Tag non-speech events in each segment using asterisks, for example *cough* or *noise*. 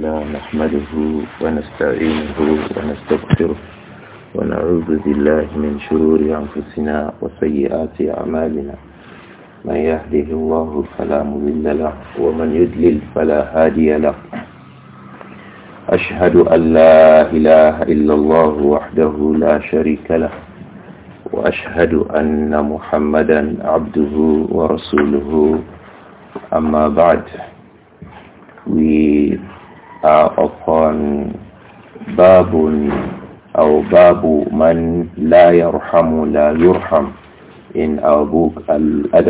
الله نحمده ونستعينه ونستغفره ونعوذ بالله من شرور أنفسنا وسيئات أعمالنا من يهده الله فلا مضل له ومن يدلل فلا هادي له أشهد أن لا إله إلا الله وحده لا شريك له وأشهد أن محمدا عبده ورسوله أما بعد we أفن باب أو باب من لا يرحم لا يرحم in our book al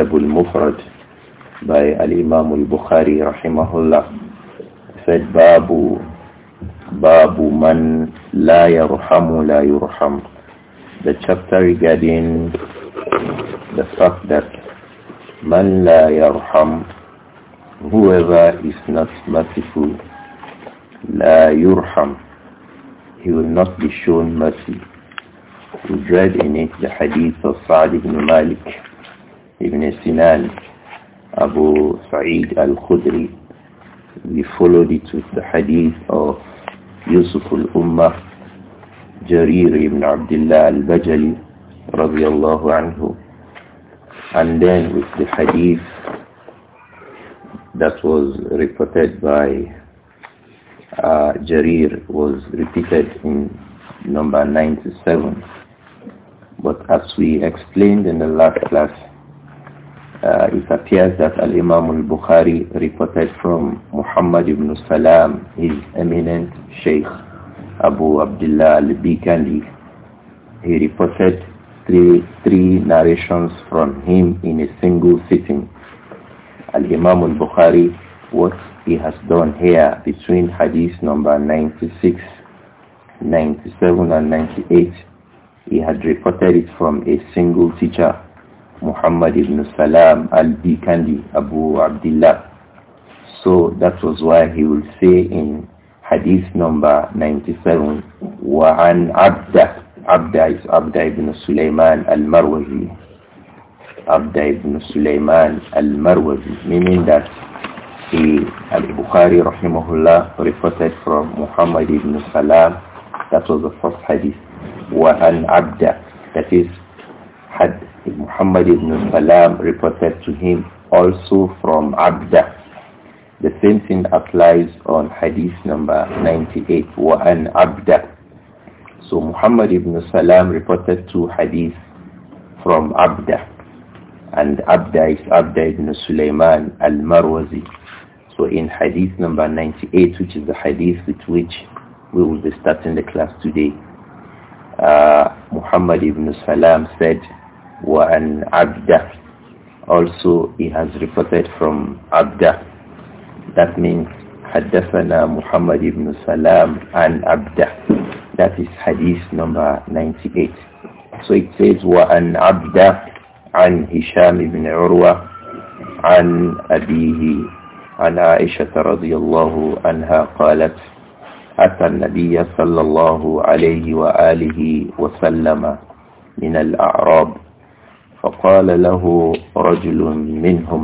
باي الإمام البخاري by al فد باب bukhari rahimahullah said babu babu man la la yurham the chapter regarding the fact that man la yarham whoever is not merciful La yurham. he will not be shown mercy we read in it the hadith of Sa'd ibn Malik ibn Sinan Abu Sa'id al-Khudri we followed it with the hadith of Yusuf al-Ummah Jarir ibn Abdullah al-Bajali radiyallahu anhu and then with the hadith that was reported by uh, Jarir was repeated in number 97. But as we explained in the last class, uh, it appears that Al-Imam al-Bukhari reported from Muhammad ibn Salam, his eminent Sheikh Abu Abdullah al-Bikandi. He reported three, three narrations from him in a single sitting. Al-Imam al-Bukhari what he has done here between hadith number 96, 97 and 98. He had reported it from a single teacher, Muhammad ibn Salam al-Bikandi, Abu Abdullah. So that was why he will say in hadith number 97, wa عَبْدَ Abda is Abda ibn Sulaiman al-Marwazi. Abda ibn Sulaiman al-Marwazi, meaning that Al-Bukhari rahimahullah reported from Muhammad ibn Salam, that was the first hadith, وَأَنْ عَبْدَ That is, had Muhammad ibn Salam reported to him also from Abda. The same thing applies on hadith number 98, وَأَنْ عَبْدَ So Muhammad ibn Salam reported two hadith from Abda. And Abda is Abda ibn Sulaiman al-Marwazi so in hadith number 98, which is the hadith with which we will be starting the class today, uh, Muhammad ibn Salam said, an abda. Also, he has reported from abda. That means حدثنا محمد بن سلام عن Abda. that is hadith number 98 so it says وعن عبده عن هشام بن عروة عن أبيه عن عائشة رضي الله عنها قالت أتى النبي صلى الله عليه وآله وسلم من الأعراب فقال له رجل منهم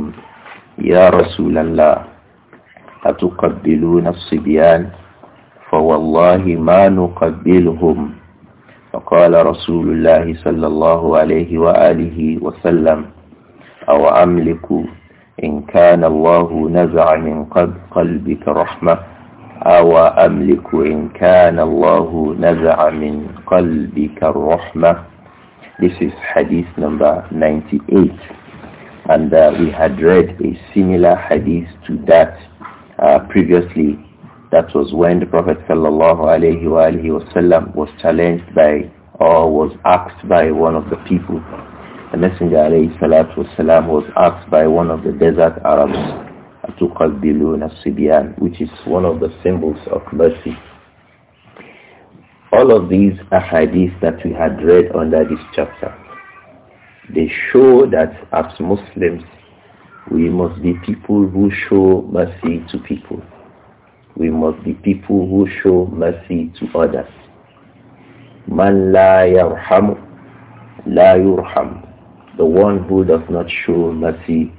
يا رسول الله أتقبلون الصبيان فوالله ما نقبلهم فقال رسول الله صلى الله عليه وآله وسلم أو أملك إن كان الله نزع من قلبك رحمة أو أملك إن كان الله نزع من قلبك الرحمة This is hadith number 98 and uh, we had read a similar hadith to that uh, previously that was when the Prophet sallallahu was challenged by or was asked by one of the people the Messenger alayhi was asked by one of the desert Arabs, Atuqabbilun as-Sibyan, which is one of the symbols of mercy. All of these ahadith that we had read under this chapter, they show that as Muslims, we must be people who show mercy to people. We must be people who show mercy to others. Man la yarhamu, la yurham. The one who does not show mercy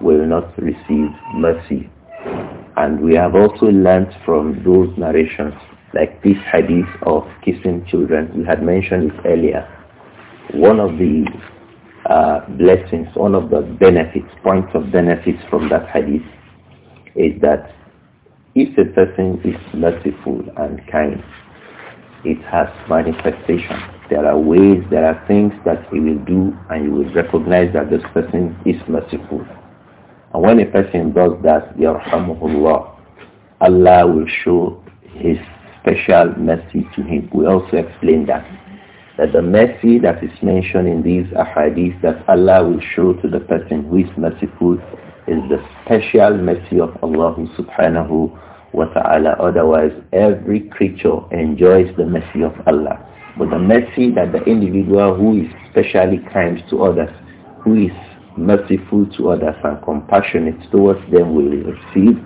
will not receive mercy. And we have also learnt from those narrations, like this hadith of kissing children. We had mentioned it earlier. One of the uh, blessings, one of the benefits, points of benefits from that hadith is that if a person is merciful and kind, it has manifestation there are ways, there are things that he will do and you will recognize that this person is merciful. And when a person does that, yarhamuhullah, Allah will show his special mercy to him. We also explain that. That the mercy that is mentioned in these ahadith that Allah will show to the person who is merciful is the special mercy of Allah subhanahu wa ta'ala. Otherwise, every creature enjoys the mercy of Allah. But the mercy that the individual who is specially kind to others, who is merciful to others and compassionate towards them will receive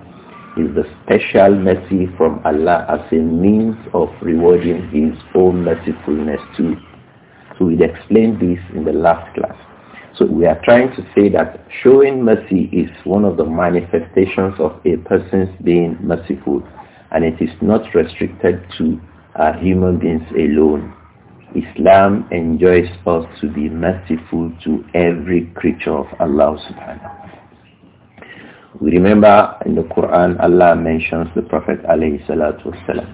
is the special mercy from Allah as a means of rewarding his own mercifulness too. So we explained this in the last class. So we are trying to say that showing mercy is one of the manifestations of a person's being merciful and it is not restricted to uh, human beings alone. Islam enjoins us to be merciful to every creature of Allah subhanahu we remember in the Quran Allah mentions the Prophet alayhi salatu wasalam.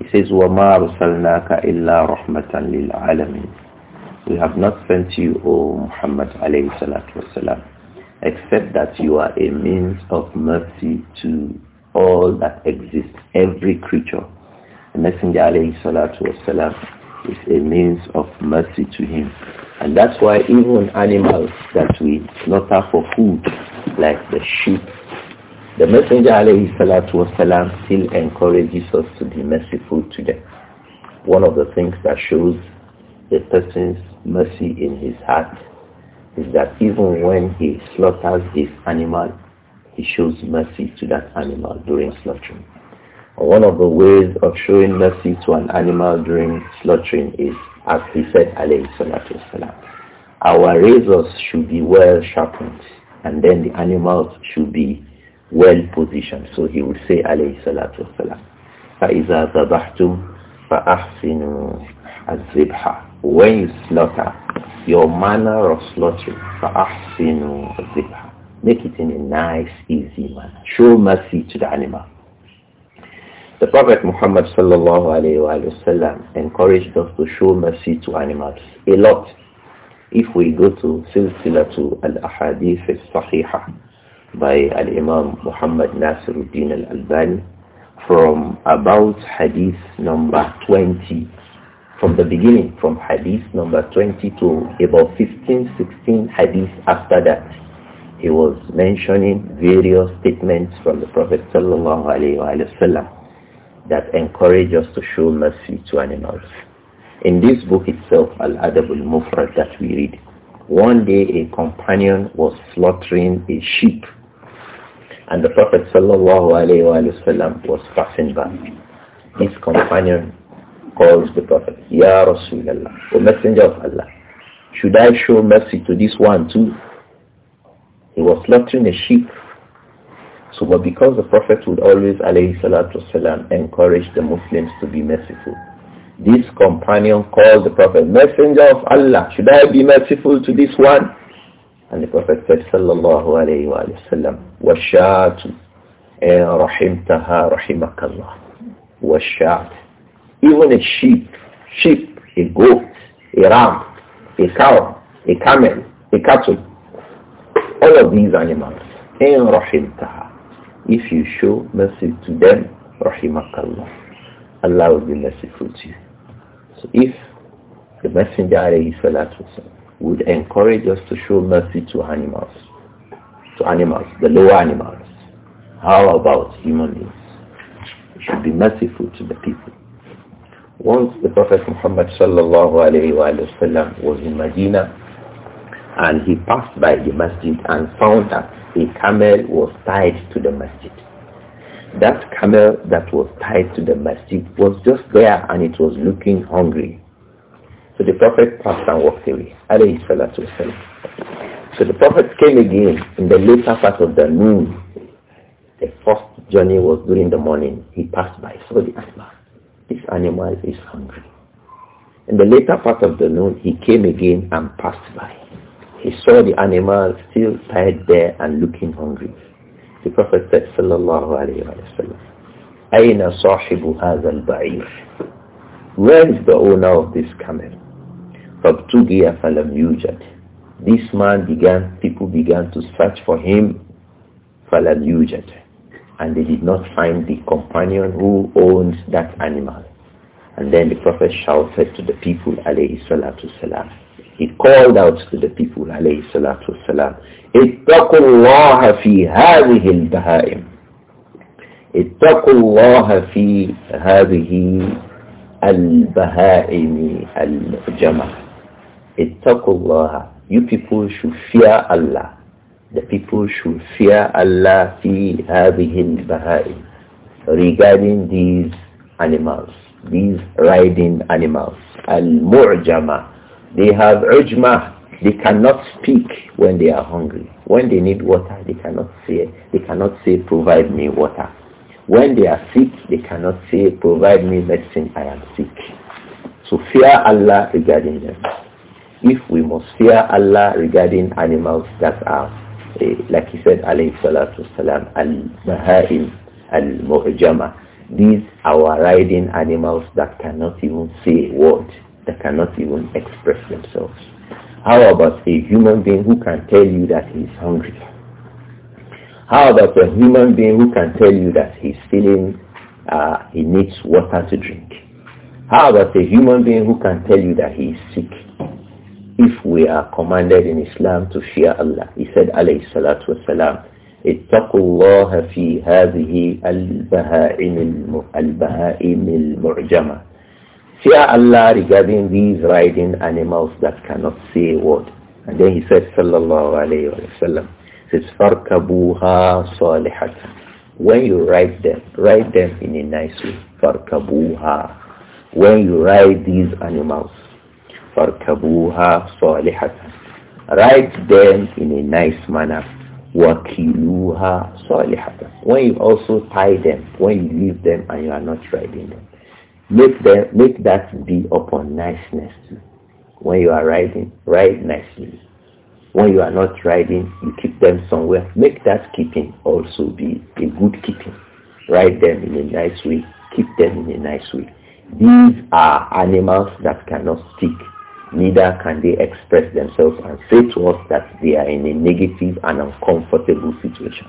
He says, وَمَا رُسَلْنَاكَ إِلَّا رَحْمَةً لِلْعَالَمِينَ We have not sent you, O Muhammad alayhi salatu wasalam, except that you are a means of mercy to all that exists, every creature. The Messenger alayhi salatu wasalam is a means of mercy to him. And that's why even animals that we slaughter for food, like the sheep, the Messenger alayhi still encourages us to be merciful to them. One of the things that shows a person's mercy in his heart is that even when he slaughters his animal, he shows mercy to that animal during slaughtering. One of the ways of showing mercy to an animal during slaughtering is, as he said, alayhi salatu Salam." our razors should be well sharpened and then the animals should be well positioned. So he would say, alayhi salatu wasalam, فَإِذَا ذَبَحْتُمْ فَأَحْسِنُوا الذِّبْحَ When you slaughter, your manner of slaughtering, فَأَحْسِنُوا الذِّبْحَ Make it in a nice, easy manner. Show mercy to the animal. The Prophet Muhammad sallallahu alayhi wa sallam encouraged us to show mercy to animals a lot. If we go to Silsilatu al-Ahadith al-Sahiha by al-Imam Muhammad Nasiruddin al-Albani from about Hadith number 20, from the beginning, from Hadith number 20 to about 15, 16 Hadith after that, he was mentioning various statements from the Prophet sallallahu alayhi wa sallam that encourage us to show mercy to animals. In this book itself, Al-Adab al-Mufrad that we read, one day a companion was slaughtering a sheep and the Prophet ﷺ was passing by. His companion calls the Prophet, Ya Rasulallah, O Messenger of Allah, should I show mercy to this one too? He was slaughtering a sheep so, but because the Prophet would always, alayhi salatu wasalam, encourage the Muslims to be merciful. This companion called the Prophet, Messenger of Allah, should I be merciful to this one? And the Prophet said, sallallahu alayhi wa sallam, وَالشَّاتُ رَحِمْتَهَا رَحِمَكَ اللَّهُ Even a sheep, sheep, a goat, a ram, a cow, a camel, a cattle, all of these animals, إِن eh, رَحِمْتَهَا if you show mercy to them, rahimakallah, Allah will be merciful to you. So if the Messenger Allah would encourage us to show mercy to animals, to animals, the lower animals, how about human beings? We should be merciful to the people. Once the Prophet Muhammad sallallahu alayhi wa was in Medina and he passed by the masjid and found that a camel was tied to the masjid. That camel that was tied to the masjid was just there and it was looking hungry. So the Prophet passed and walked away. So the Prophet came again in the later part of the noon. The first journey was during the morning. He passed by, saw the animal. This animal is hungry. In the later part of the noon, he came again and passed by. He saw the animal still tied there and looking hungry. The Prophet said, Sallallahu Alaihi Wasallam, أين صاحب Where is the owner of this camel? فابتغي falam yujad. This man began, people began to search for him, falam yujad, And they did not find the companion who owns that animal. And then the Prophet shouted to the people, alayhi salatu salam, he called out to the people, alayhi salatu wasalam, اتقوا الله في هذه البهائم اتقوا الله في هذه البهائم الجمع اتقوا الله You people should fear Allah. The people should fear Allah في هذه البهائم regarding these animals, these riding animals. Al-Mu'jama. They have ujma. They cannot speak when they are hungry. When they need water, they cannot say, they cannot say, provide me water. When they are sick, they cannot say, provide me medicine, I am sick. So fear Allah regarding them. If we must fear Allah regarding animals that are, uh, like he said, alayhi salatu salam, al mahaim al-mu'jama, these are riding animals that cannot even say a word. They cannot even express themselves. How about a human being who can tell you that he's hungry? How about a human being who can tell you that he's feeling uh, he needs water to drink? How about a human being who can tell you that he is sick? If we are commanded in Islam to fear Allah, he said, alayhi salatu wasalam, اتقوا الله في هذه البهائم البهائم المعجمة Fear Allah regarding these riding animals that cannot say a word. And then he says, sallallahu alayhi wa sallam, says, فَارْكَبُوهَا صَالِحَةً When you ride them, ride them in a nice way. فَارْكَبُوهَا When you ride these animals, فَارْكَبُوهَا صَالِحَةً Ride them in a nice manner. Wakiluha صَالِحَةً When you also tie them, when you leave them and you are not riding them. Make them make that be upon niceness. When you are riding, ride nicely. When you are not riding, you keep them somewhere. Make that keeping also be a good keeping. Ride them in a nice way. Keep them in a nice way. These are animals that cannot speak neither can they express themselves and say to us that they are in a negative and uncomfortable situation.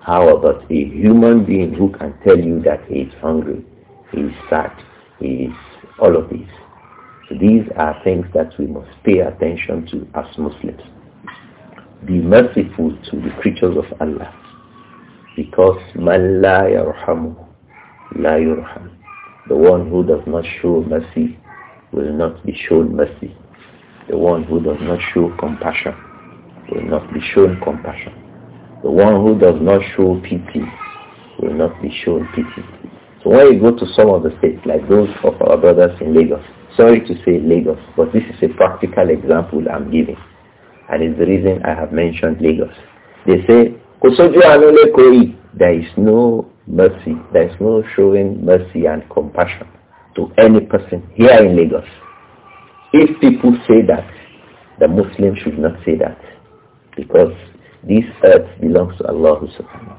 How about a human being who can tell you that he is hungry? is sad, is all of these. So these are things that we must pay attention to as Muslims. Be merciful to the creatures of Allah because man la yarhamu la yurham. The one who does not show mercy will not be shown mercy. The one who does not show compassion will not be shown compassion. The one who does not show pity will not be shown pity. So when you go to some of the states, like those of our brothers in Lagos, sorry to say Lagos, but this is a practical example I'm giving. And it's the reason I have mentioned Lagos. They say, there is no mercy, there is no showing mercy and compassion to any person here in Lagos. If people say that, the Muslim should not say that because this earth belongs to Allah subhanahu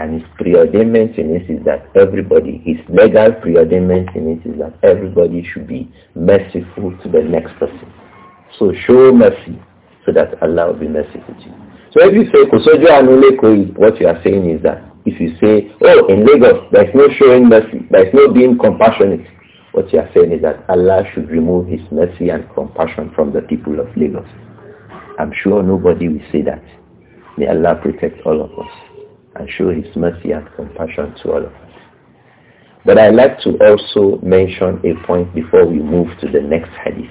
and his preordainment in it is that everybody, his legal preordainment in it is that everybody should be merciful to the next person. So show mercy so that Allah will be merciful to you. So if you say, Kosojo Anuleko, what you are saying is that if you say, oh, in Lagos, there is no showing mercy, there is no being compassionate, what you are saying is that Allah should remove his mercy and compassion from the people of Lagos. I'm sure nobody will say that. May Allah protect all of us and show his mercy and compassion to all of us. But I like to also mention a point before we move to the next hadith.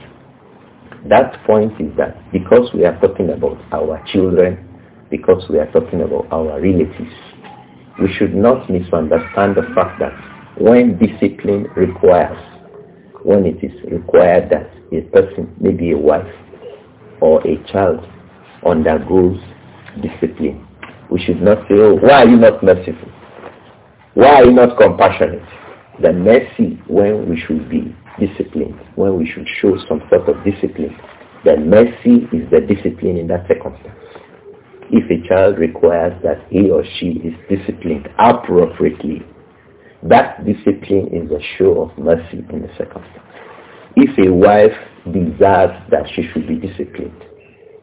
That point is that because we are talking about our children, because we are talking about our relatives, we should not misunderstand the fact that when discipline requires, when it is required that a person, maybe a wife or a child, undergoes discipline, we should not say, oh, why are you not merciful? Why are you not compassionate? The mercy when we should be disciplined, when we should show some sort of discipline, the mercy is the discipline in that circumstance. If a child requires that he or she is disciplined appropriately, that discipline is a show of mercy in the circumstance. If a wife desires that she should be disciplined,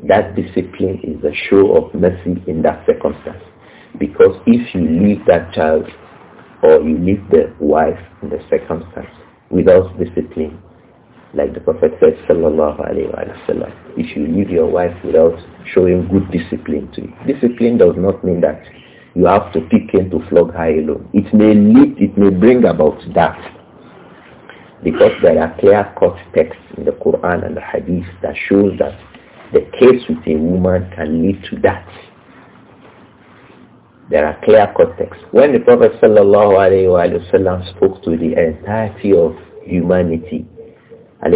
that discipline is a show of mercy in that circumstance. Because if you leave that child or you leave the wife in the circumstance without discipline, like the Prophet said, sallallahu alayhi wa if you leave your wife without showing good discipline to you, discipline does not mean that you have to pick and to flog her alone. It may lead, it may bring about that. Because there are clear-cut texts in the Quran and the Hadith that shows that the case with a woman can lead to that. There are clear contexts. When the Prophet ﷺ spoke to the entirety of humanity, why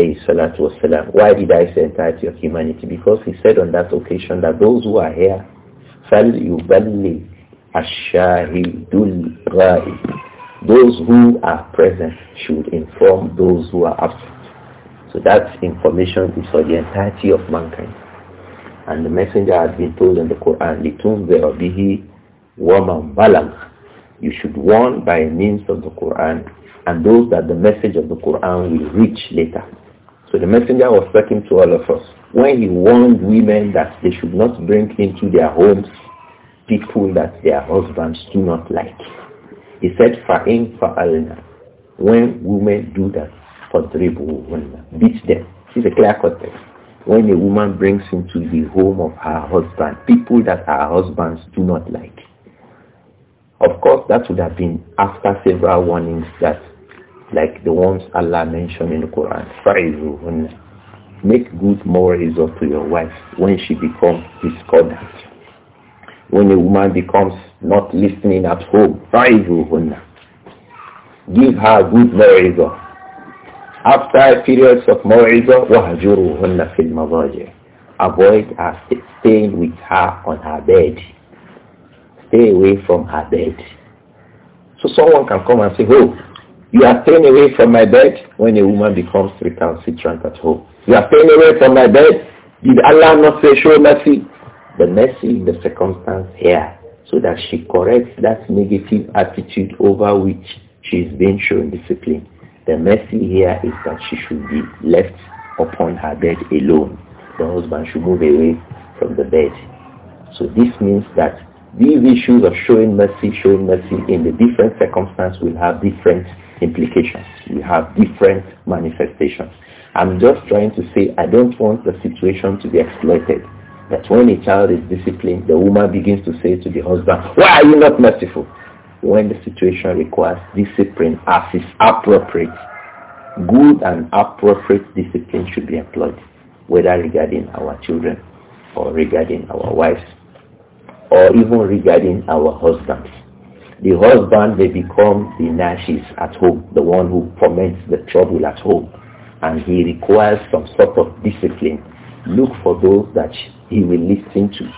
did I say entirety of humanity? Because he said on that occasion that those who are here, فَلْيُبَلِّ الشَّاهِدُ الْغَائِبُ Those who are present should inform those who are absent. So that information is for the entirety of mankind. And the messenger had been told in the Quran, لِتُنْذِرَ بِهِ woman بَلَغَ You should warn by means of the Quran and those that the message of the Quran will reach later. So the messenger was speaking to all of us. When he warned women that they should not bring into their homes people that their husbands do not like. He said, فَإِنْ فَأَلْنَا When women do that, women, Beat them. This is a clear context when a woman brings into the home of her husband people that her husbands do not like. Of course, that would have been after several warnings that, like the ones Allah mentioned in the Quran, make good morals up to your wife when she becomes discordant. When a woman becomes not listening at home, give her good morals after periods of موعظة وهجروهن fil المضاجع Avoid her staying with her on her bed. Stay away from her bed. So someone can come and say, oh, you are staying away from my bed when a woman becomes recalcitrant at home. You are staying away from my bed. Did Allah not say show mercy? The mercy in the circumstance here so that she corrects that negative attitude over which she is being shown discipline. The mercy here is that she should be left upon her bed alone. The husband should move away from the bed. So this means that these issues of showing mercy, showing mercy in the different circumstances will have different implications. We have different manifestations. I'm just trying to say I don't want the situation to be exploited. That when a child is disciplined, the woman begins to say to the husband, why are you not merciful? when the situation requires discipline as is appropriate. Good and appropriate discipline should be employed, whether regarding our children or regarding our wives or even regarding our husbands. The husband may become the nashis at home, the one who foments the trouble at home, and he requires some sort of discipline. Look for those that he will listen to.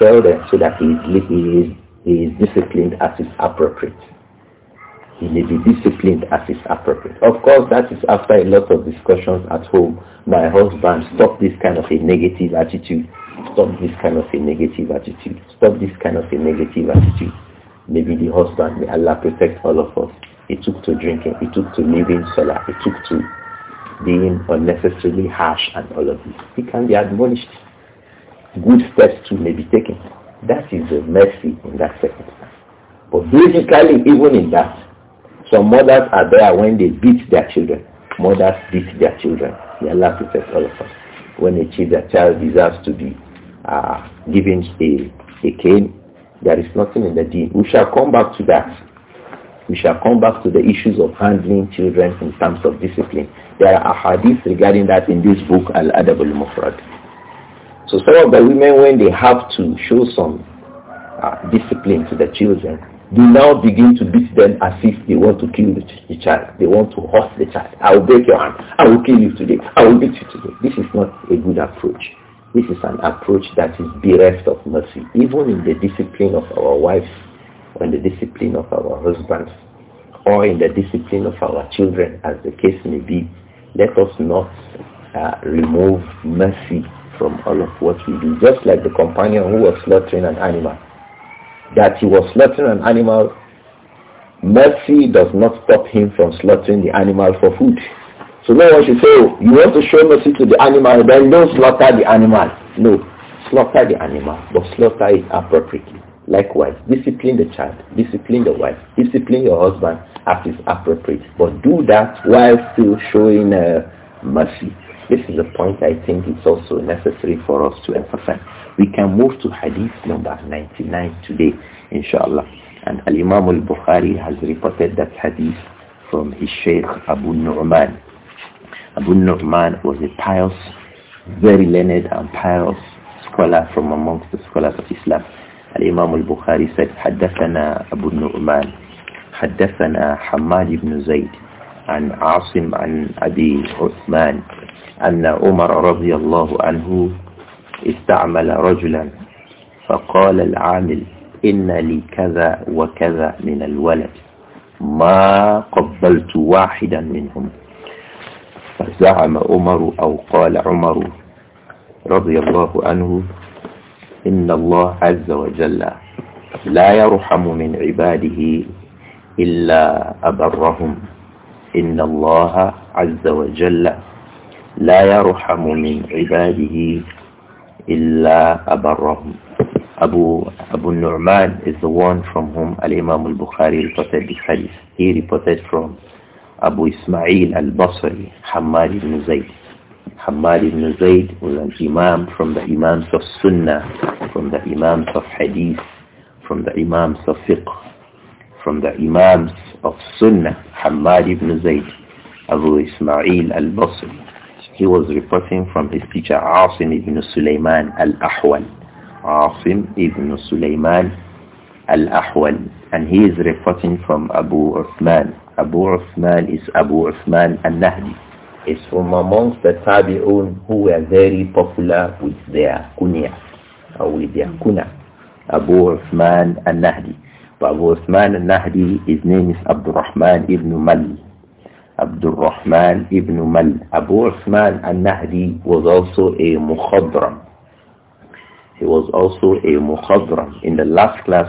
Tell them so that he is he is disciplined as is appropriate. He may be disciplined as is appropriate. Of course, that is after a lot of discussions at home. My husband, stop this kind of a negative attitude. Stop this kind of a negative attitude. Stop this kind of a negative attitude. Maybe the husband, may Allah protect all of us. He took to drinking. He took to leaving Salah. He took to being unnecessarily harsh and all of this. He can be admonished. Good steps too may be taken. That is the mercy in that circumstance. But basically, even in that, some mothers are there when they beat their children. Mothers beat their children. They Allah protect all of us. When a child, their child deserves to be uh, given a, a cane, there is nothing in the deed. We shall come back to that. We shall come back to the issues of handling children in terms of discipline. There are hadiths regarding that in this book, Al-Adab al-Mufrad. So some of the women, when they have to show some uh, discipline to the children, they now begin to beat them as if they want to kill the, the child. They want to hurt the child. I will break your hand. I will kill you today. I will beat you today. This is not a good approach. This is an approach that is bereft of mercy, even in the discipline of our wives, or in the discipline of our husbands, or in the discipline of our children, as the case may be. Let us not uh, remove mercy from all of what we do. Just like the companion who was slaughtering an animal. That he was slaughtering an animal, mercy does not stop him from slaughtering the animal for food. So no one should say, oh, you want to show mercy to the animal, then don't slaughter the animal. No, slaughter the animal, but slaughter it appropriately. Likewise, discipline the child, discipline the wife, discipline your husband as is appropriate. But do that while still showing uh, mercy. This is a point I think it's also necessary for us to emphasize. We can move to hadith number 99 today, inshallah. And Al-Imam al-Bukhari has reported that hadith from his Sheikh Abu Nu'man. Abu Nu'man was a pious, very learned and pious scholar from amongst the scholars of Islam. al-Bukhari said حدثنا Abu النعمان حدثنا Hamad ibn Zayd, عن عاصم عن أبي عثمان أن عمر رضي الله عنه استعمل رجلا فقال العامل إن لي كذا وكذا من الولد ما قبلت واحدا منهم فزعم عمر أو قال عمر رضي الله عنه إن الله عز وجل لا يرحم من عباده إلا أبرهم إن الله عز وجل لا يرحم من عباده إلا أبرهم Abu, Abu Nu'man is the one from whom Al-Imam al-Bukhari reported this hadith. He reported from Abu Ismail al-Basri, Hamad ibn Zayd. Hamad ibn Zayd was an Imam from the Imams of Sunnah, from the Imams of Hadith, from the Imams of Fiqh, from the Imams of Sunnah, Hamad ibn Zayd, Abu Ismail al-Basri. He was reporting from his teacher Asim ibn Sulaiman al-Ahwal. Asim ibn Sulaiman al-Ahwal. And he is reporting from Abu Uthman. Abu Uthman is Abu Uthman al-Nahdi. It's from amongst the Tabi'un who were very popular with their kunya, or with their kuna. Abu Uthman al-Nahdi. But Abu Uthman al-Nahdi, his name is Abdurrahman ibn Mali. Abdul Rahman ibn Mal. Abu Uthman al-Nahdi was also a mukhadram. He was also a mukhadram. In the last class,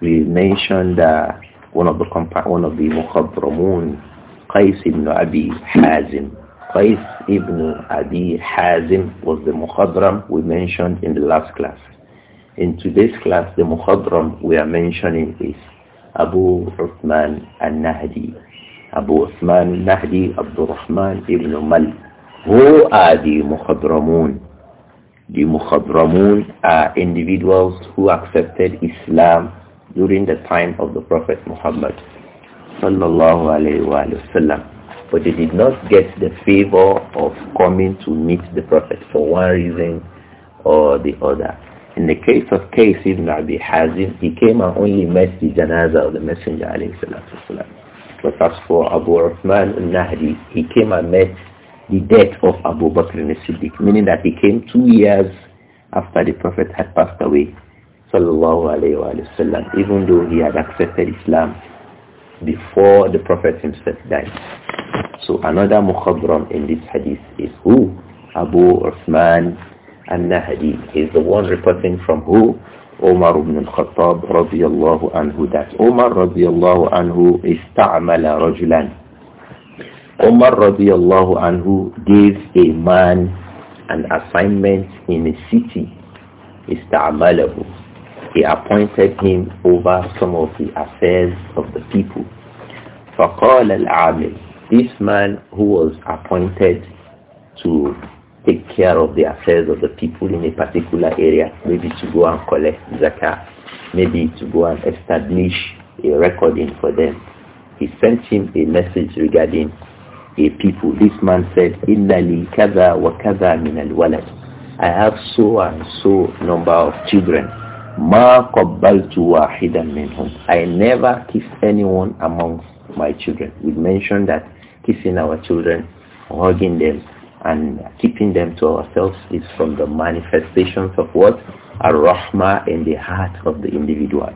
we mentioned uh, one of the one of the mukhadramun, Qais ibn Abi Hazim. Qais ibn Abi Hazim was the mukhadram we mentioned in the last class. In today's class, the mukhadram we are mentioning is Abu Uthman al-Nahdi. Abu Usman Nahdi Abdul Rahman ibn Malik. Who are the Mukhadramun? The Mukhadramun are individuals who accepted Islam during the time of the Prophet Muhammad sallallahu alayhi wa But they did not get the favor of coming to meet the Prophet for one reason or the other. In the case of Qais ibn Abi Hazim, he came and only met the janazah of the Messenger alayhi salatu wasalam as for Abu Uthman al-Nahdi, he came and met the death of Abu Bakr al-Siddiq, meaning that he came two years after the Prophet had passed away, sallallahu alayhi wa, sallam, even though he had accepted Islam before the Prophet himself died. So another mukhadram in this hadith is who? Abu Uthman al-Nahdi is the one reporting from who? Omar ibn al-Khattab radiallahu anhu that Omar radiallahu anhu istamala rajulan. Omar radiallahu anhu gave a man an assignment in a city. Istamalahu. He appointed him over some of the affairs of the people. فقال العامل This man who was appointed to take care of the affairs of the people in a particular area, maybe to go and collect zakat. maybe to go and establish a recording for them. He sent him a message regarding a people. This man said, Innali kaza wa kaza min al-walad. I have so and so number of children. Ma qabbaltu wahidan minhum. I never kissed anyone amongst my children. We mentioned that kissing our children, hugging them, and keeping them to ourselves is from the manifestations of what? a rahmah in the heart of the individual.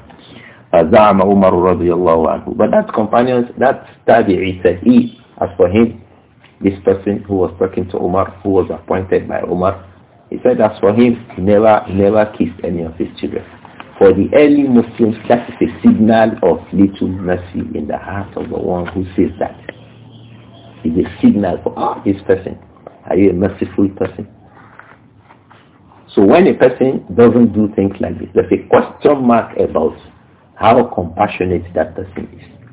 but that companions that tabi'i said he as for him this person who was talking to Umar who was appointed by Umar he said as for him he never never kissed any of his children for the early Muslims that is a signal of little mercy in the heart of the one who says that. It is a signal for ah, this person are you a merciful person? So when a person doesn't do things like this, there's a question mark about how compassionate that person is,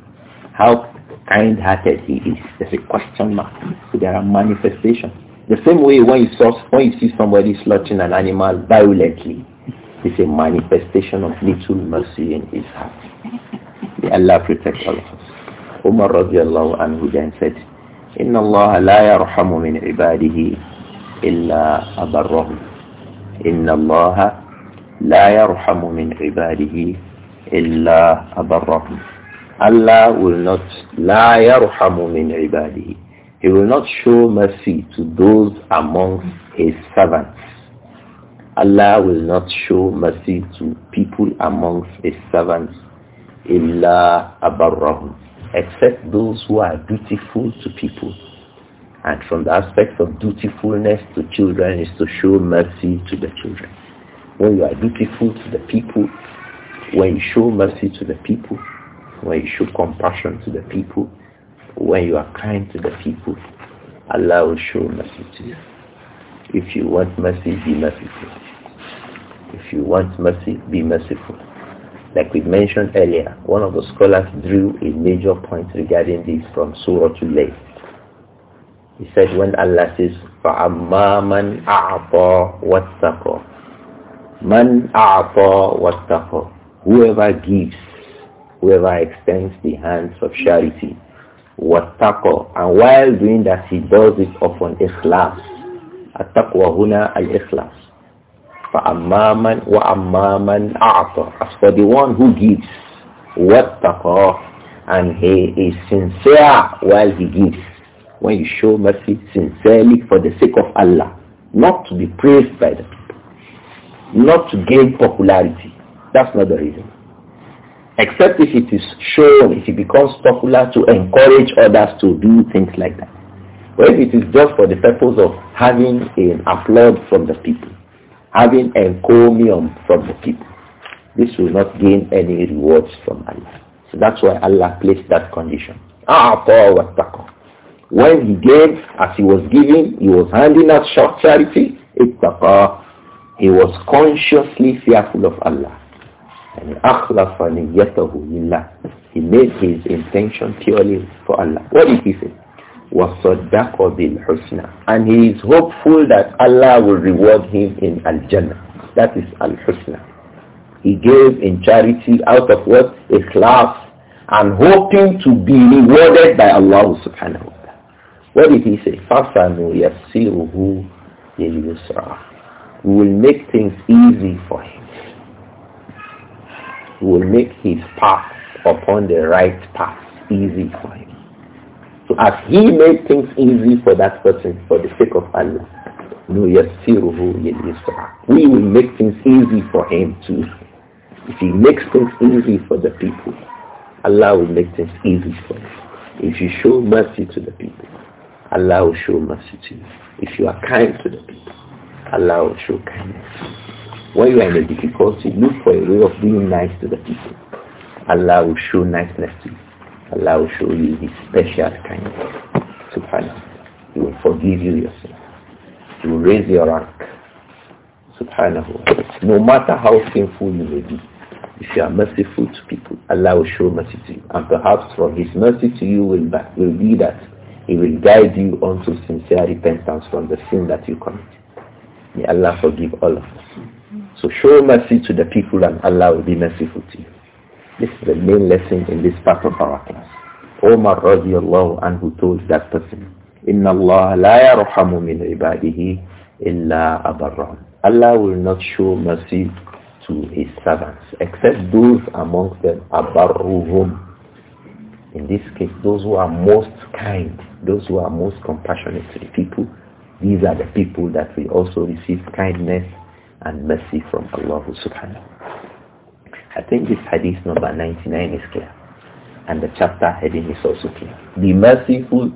how kind-hearted he is. There's a question mark. So there are manifestations. The same way when you, saw, when you see somebody slaughtering an animal violently, it's a manifestation of little mercy in his heart. May Allah protect all of us. Umar radiallahu anhu then said, إن الله لا يرحم من عباده إلا أبرهم إن الله لا يرحم من عباده إلا أبرهم Allah will not لا يرحم من عباده He will not show mercy to those among his servants. Allah will not show mercy to people amongst his servants إلا أبرهم except those who are dutiful to people. And from the aspects of dutifulness to children is to show mercy to the children. When you are dutiful to the people, when you show mercy to the people, when you show compassion to the people, when you are kind to the people, Allah will show mercy to you. If you want mercy, be merciful. If you want mercy, be merciful. Like we mentioned earlier, one of the scholars drew a major point regarding this from Surah Al-Layl. He said when Allah says, فَأَمَّا مَنْ أَعْطَى وَاتَّقَى مَنْ أَعْطَى وَاتَّقَى Whoever gives, whoever extends the hands of charity, وَاتَّقَى And while doing that, he does it upon ikhlas. التقوى هنا الإخلاص فَأَمَّا مَنْ وَأَمَّا As for the one who gives, وَاتَّقَى And he is sincere while he gives. When you show mercy sincerely for the sake of Allah, not to be praised by the people, not to gain popularity. That's not the reason. Except if it is shown, if it becomes popular to encourage others to do things like that. But if it is just for the purpose of having an applaud from the people having encomium from the people. This will not gain any rewards from Allah. So that's why Allah placed that condition. Ah, when he gave, as he was giving, he was handing out short charity, he was consciously fearful of Allah. And he made his intention purely for Allah. What did he say? وَصَدَّقَ And he is hopeful that Allah will reward him in Al-Jannah. That is Al-Husna. He gave in charity out of what? A class and hoping to be rewarded by Allah subhanahu wa ta'ala. What did he say? فَسَنُوا يَسِّرُهُ لِلْيُسْرَى We will make things easy for him. We will make his path upon the right path easy for him. So as he made things easy for that person for the sake of Allah, we will make things easy for him too. If he makes things easy for the people, Allah will make things easy for you. If you show mercy to the people, Allah will show mercy to you. If you are kind to the people, Allah will show kindness. When you are in a difficulty, look for a way of being nice to the people. Allah will show niceness to you. Allah will show you his special kindness. Subhanahu. He will forgive you your sin. He will raise your rank. Subhanahu. No matter how sinful you may be, if you are merciful to people, Allah will show mercy to you. And perhaps from his mercy to you will, will be that he will guide you unto sincere repentance from the sin that you commit. May Allah forgive all of us. So show mercy to the people and Allah will be merciful to you. This is the main lesson in this part of our class. Omar radiallahu anhu told that person, Inna Allah la yarhamu min ibadihi illa abarran. Allah will not show mercy to his servants, except those amongst them abarruhum. In this case, those who are most kind, those who are most compassionate to the people, these are the people that will also receive kindness and mercy from Allah subhanahu I think this hadith number 99 is clear. And the chapter heading is also clear. Be merciful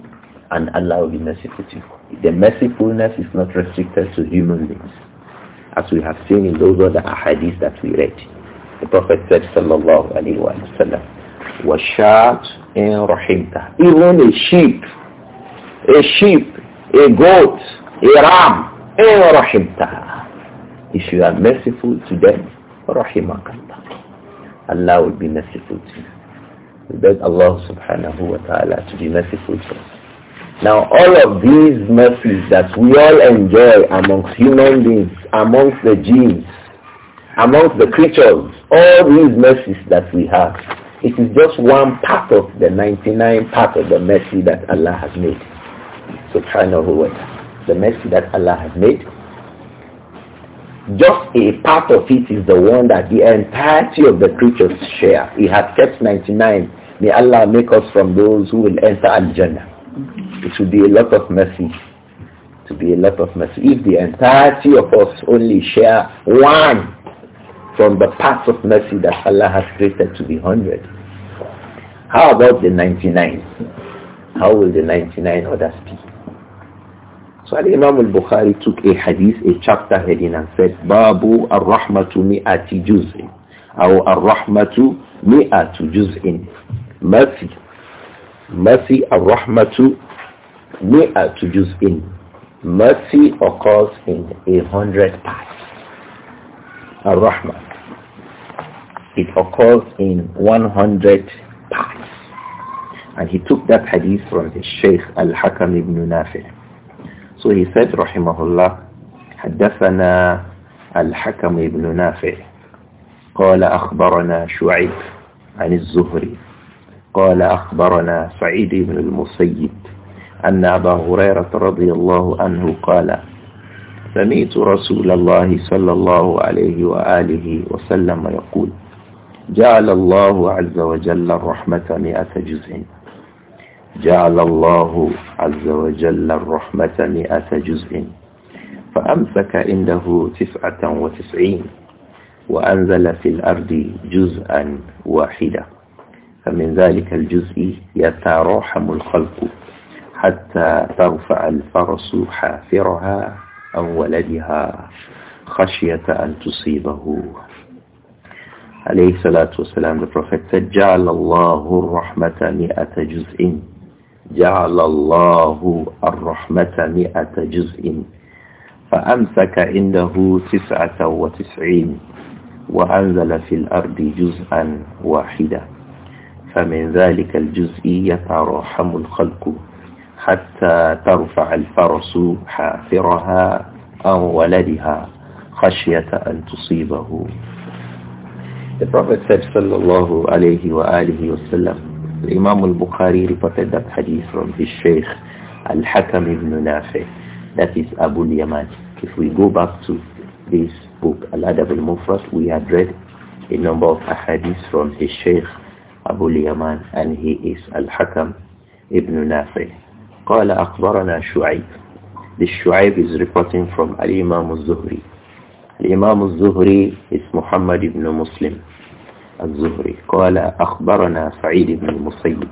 and Allah will be merciful to you. The mercifulness is not restricted to human beings. As we have seen in those other hadiths that we read. The Prophet said, Sallallahu Alaihi Wasallam, وَشَاتْ إِن رَحِمْتَ Even a sheep, a sheep, a goat, a ram, إِن رَحِمْتَ If you are merciful to them, رَحِمَكَ اللَّهُ Allah will be merciful to you. We beg Allah subhanahu wa ta'ala to be merciful to us. Now all of these mercies that we all enjoy amongst human beings, amongst the genes, amongst the creatures, all these mercies that we have, it is just one part of the 99 part of the mercy that Allah has made. Subhanahu wa ta'ala. The mercy that Allah has made just a part of it is the one that the entirety of the creatures share. He had kept 99. May Allah make us from those who will enter Al-Jannah. It would be a lot of mercy. To be a lot of mercy. If the entirety of us only share one from the parts of mercy that Allah has created to be 100, how about the 99? How will the 99 others speak? So Imam al-Bukhari took a hadith, a chapter heading and said, Babu ar-Rahmatu mi'ati juz'in. Or ar-Rahmatu mi'atu juz'in. Mercy. Mercy ar-Rahmatu mi'atu juz'in. Mercy occurs in a hundred parts. ar rahmat It occurs in 100 parts. And he took that hadith from the Shaykh Al-Hakam ibn Nafi' So he said, حدثنا الحكم بن نافع قال أخبرنا شعيب عن الزهري قال أخبرنا سعيد بن المسيب أن أبا هريرة رضي الله عنه قال سمعت رسول الله صلى الله عليه وآله وسلم يقول جعل الله عز وجل الرحمة مئة جزء جعل الله عز وجل الرحمة مئة جزء فأمسك عنده تسعة وتسعين وأنزل في الأرض جزءا واحدا فمن ذلك الجزء يتراحم الخلق حتى ترفع الفرس حافرها أو ولدها خشية أن تصيبه عليه الصلاة والسلام the prophet said جعل الله الرحمة مئة جزء جعل الله الرحمة مئة جزء فأمسك عنده تسعة وتسعين وأنزل في الأرض جزءا واحدا فمن ذلك الجزء يتراحم الخلق حتى ترفع الفرس حافرها أو ولدها خشية أن تصيبه The Prophet said sallallahu alayhi wa alihi wa الإمام البخاري reported that hadith from his sheikh Al-Hakam ibn Nafi that is Abu Yaman if we go back to this book Al-Adab al-Mufrad we had read a number of hadiths from his Shaykh Abu Yaman and he is Al-Hakam ibn Nafi قال أخبرنا شعيب This Shu'aib is reporting from Al-Imam al-Zuhri Al-Imam al-Zuhri is Muhammad ibn Muslim الزهري قال أخبرنا سعيد بن المسيب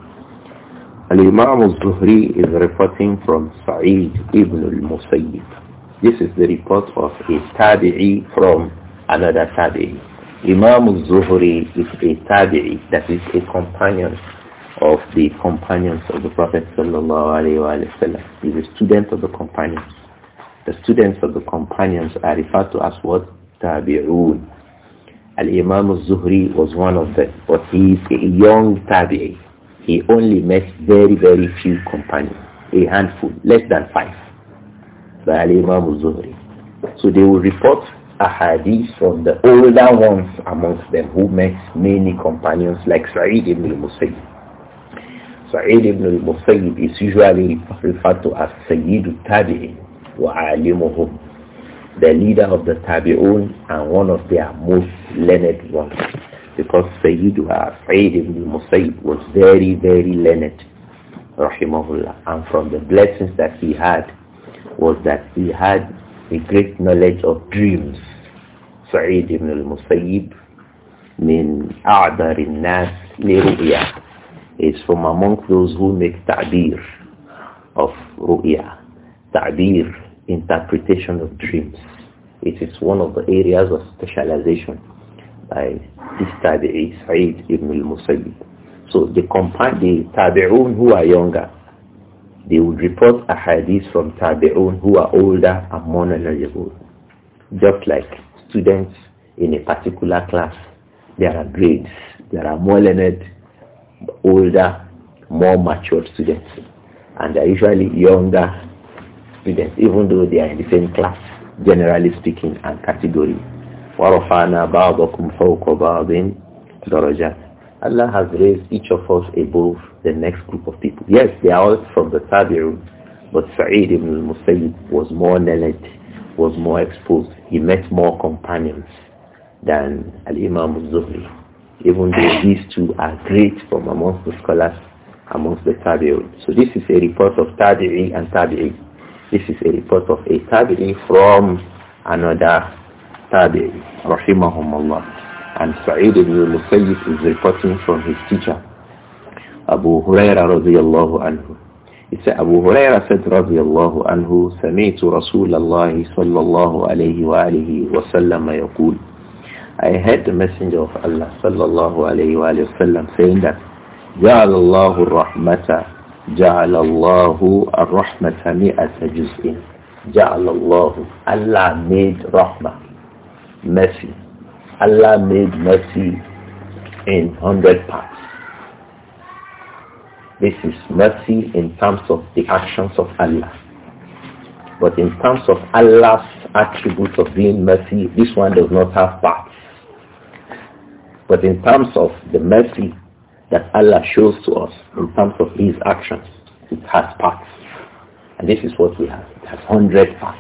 الإمام الزهري is reporting from Sa'id ibn al-Musayyib This is the report of a tabi'i from another tabi'i Imam al-Zuhri is a tabi'i that is a companion of the companions of the Prophet sallallahu alayhi wa sallam He is a student of the companions The students of the companions are referred to as what? Tabi'un Al-Imam al-Zuhri was one of them, but he is a young tabi'i. He only met very, very few companions, a handful, less than five, by Al-Imam al-Zuhri. So they will report ahadith from the older ones amongst them who met many companions like Sa'id ibn al-Musayyib. Sa'id ibn al-Musayyib is usually referred to as Sayyid Tabi'i wa alimuhum, the leader of the Tabi'un and one of their most learned one. Because Sayyiduha, Sayyid ibn Musayyib was very, very learned, rahimahullah. And from the blessings that he had was that he had a great knowledge of dreams. Sa'id ibn al-Musayyib min a'dar nas li is from among those who make ta'bir of ru'ya. Ta'bir, interpretation of dreams. It is one of the areas of specialization by this Tabi'i, Sa'id ibn al-Musayyib. So the the Tabi'un who are younger, they would report a hadith from Tabi'un who are older and more knowledgeable. Just like students in a particular class, there are grades. There are more learned, older, more mature students. And they are usually younger students, even though they are in the same class, generally speaking, and category. وَرَفَعْنَا بَعْضَكُمْ فَوْقَ بَعْضٍ دَرَجَاتٍ Allah has raised each of us above the next group of people. Yes, they are all from the Tabi'un, but Sa'id ibn al-Musayyib was more learned, was more exposed. He met more companions than Al-Imam al-Zuhri. Even though these two are great from amongst the scholars, amongst the Tabi'un. So this is a report of Tabi'i and Tabi'i. This is a report of a Tabi'i from another التابعي رحمهم الله عن سعيد بن المسيب الزيفتي from his teacher أبو هريرة رضي الله عنه أبو هريرة said رضي الله عنه سمعت رسول الله صلى الله عليه وآله وسلم يقول I heard the messenger of Allah صلى الله عليه وآله وسلم saying that جعل الله الرحمة جعل الله الرحمة مئة جزء جعل الله Allah made رحمة mercy. Allah made mercy in hundred parts. This is mercy in terms of the actions of Allah. But in terms of Allah's attributes of being mercy, this one does not have parts. But in terms of the mercy that Allah shows to us in terms of his actions, it has parts. And this is what we have. It has hundred parts.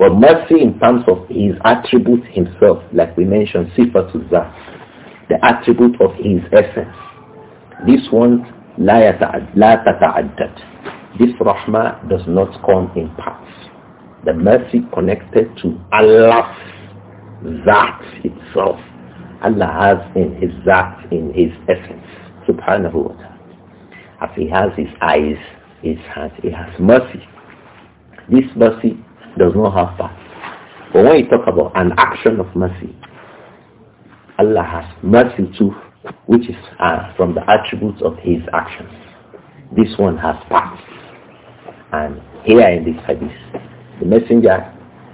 But mercy in terms of his attribute himself, like we mentioned, sifatul zat, the attribute of his essence. This one, la tata'addad. This rahmah does not come in parts. The mercy connected to Allah's zat itself. Allah has in his zat, in his essence, subhanahu wa ta'ala. As he has his eyes, his hands, he has mercy. This mercy does not have parts, But when you talk about an action of mercy, Allah has mercy too, which is uh, from the attributes of his actions. This one has parts, And here in this hadith, the messenger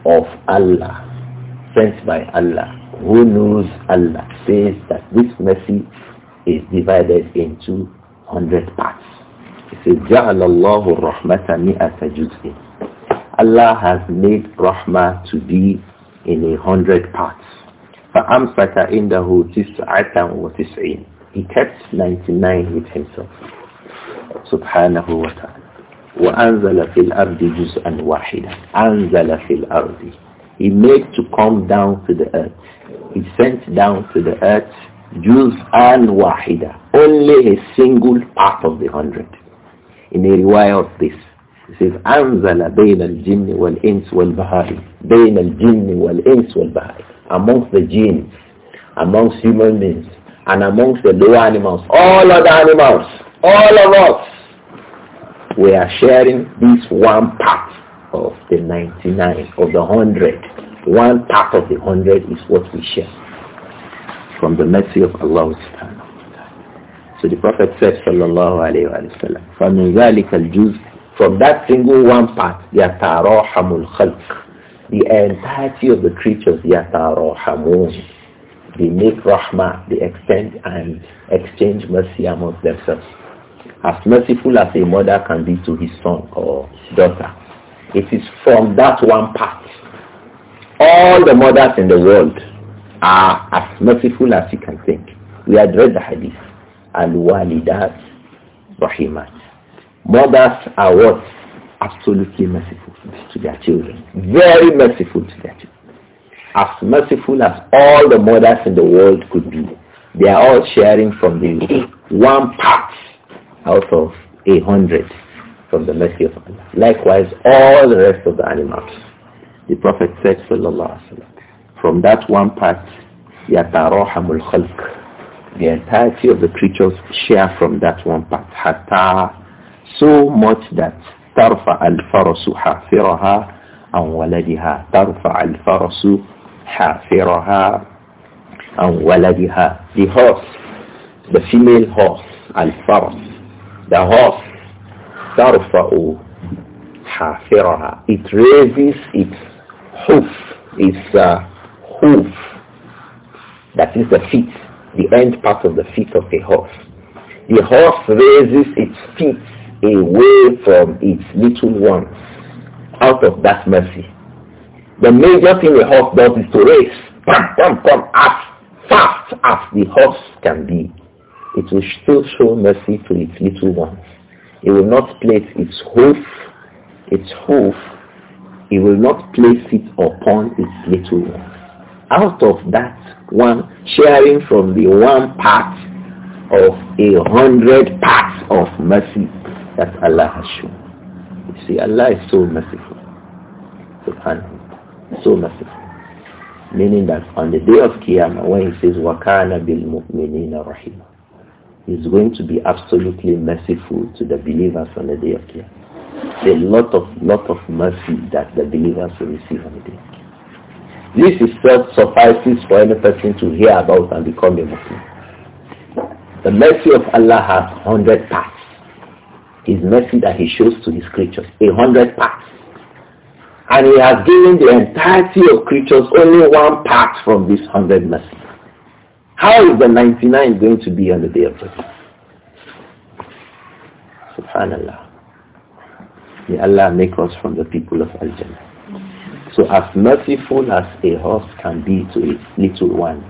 of Allah, sent by Allah, who knows Allah, says that this mercy is divided into hundred parts. He says, جَعَلَ اللَّهُ الرَّحْمَةَ مِئَةَ جُزْءٍ Allah has made Rahmah to be in a hundred parts. فَأَمْسَكَ إِنْدَهُ تِسْعَةً وَتِسْعِينَ He kept 99 with himself. سبحانه وتعالى. وَأَنزَلَ فِي الْأَرْضِ جُزْءًا وَاحِدًا أَنزَلَ فِي الْأَرْضِ He made to come down to the earth. He sent down to the earth juz'an wahida. Only a single part of the hundred. In a riwayah of this, he says, أَنْزَلَ بَيْنَ الْجِنِّ وَالْإِنْسِ وَالْبَهَائِ بَيْنَ الْجِنِّ وَالْإِنْسِ وَالْبَهَائِ Amongst the jinn, amongst human beings, and amongst the lower animals, all other animals, all of us, we are sharing this one part of the 99, of the 100. One part of the 100 is what we share from the mercy of Allah subhanahu wa ta'ala. So the Prophet said, sallallahu alayhi wa sallam, فَمِنْ ذَلِكَ الْجُزْءِ from that single one part, يَتَرَاحَمُ الْخَلْقِ The entirety of the creatures, يَتَرَاحَمُونَ They make rahmah, they extend and exchange mercy amongst themselves. As merciful as a mother can be to his son or daughter. It is from that one part. All the mothers in the world are as merciful as you can think. We had read the hadith. Al-walidat rahimat. Mothers are what? Absolutely merciful to their children. Very merciful to their children. As merciful as all the mothers in the world could be. They are all sharing from the one part out of a hundred from the mercy of Allah. Likewise, all the rest of the animals. The Prophet said, Sallallahu Alaihi Wasallam, from that one part, يَتَرَحَمُ الْخَلْقِ The entirety of the creatures share from that one part. حَتَّى so much that ترفع الفرس حافرها عن ولدها ترفع الفرس حافرها عن ولدها the horse the female horse الفرس the horse ترفع حافرها it raises its hoof its uh, hoof that is the feet the end part of the feet of the horse the horse raises its feet away from its little ones out of that mercy. The major thing a horse does is to race. Come, come, come, as fast as the horse can be. It will still show mercy to its little ones. It will not place its hoof, its hoof, it will not place it upon its little ones. Out of that one, sharing from the one part of a hundred parts of mercy that Allah has shown. You see, Allah is so merciful. Subhanahu. So merciful. Meaning that on the day of Qiyamah, when he says, وَكَانَ بِالْمُؤْمِنِينَ رَحِيمًا He's going to be absolutely merciful to the believers on the day of Qiyamah. A lot of, lot of mercy that the believers will receive on the day this itself suffices for any person to hear about and become a Muslim. The mercy of Allah has 100 parts. His mercy that he shows to his creatures, a hundred parts. And he has given the entirety of creatures only one part from this hundred mercy. How is the 99 going to be on the day of judgment? Subhanallah. May Allah make us from the people of Al-Jannah. So as merciful as a host can be to a little one.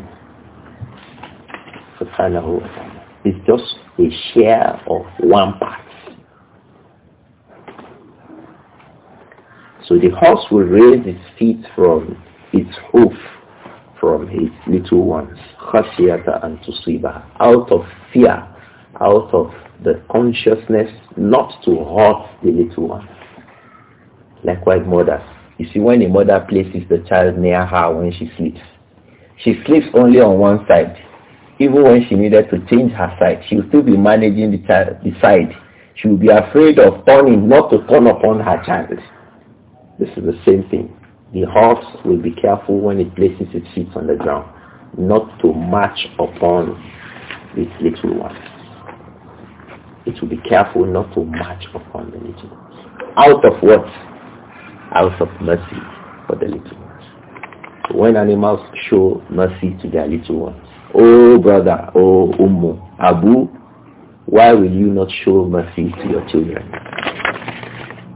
Subhanahu wa ta'ala. It's just a share of one part. So the horse will raise its feet from its hoof, from its little ones, khasiyata and tusiba, out of fear, out of the consciousness not to hurt the little one. Likewise mothers. You see when a mother places the child near her when she sleeps, she sleeps only on one side. Even when she needed to change her side, she will still be managing the, child, the side. She will be afraid of turning, not to turn upon her child. This is the same thing. The horse will be careful when it places its feet on the ground, not to march upon its little ones. It will be careful not to march upon the little ones. Out of what? Out of mercy for the little ones. When animals show mercy to their little ones, oh brother, oh ummu, abu, why will you not show mercy to your children?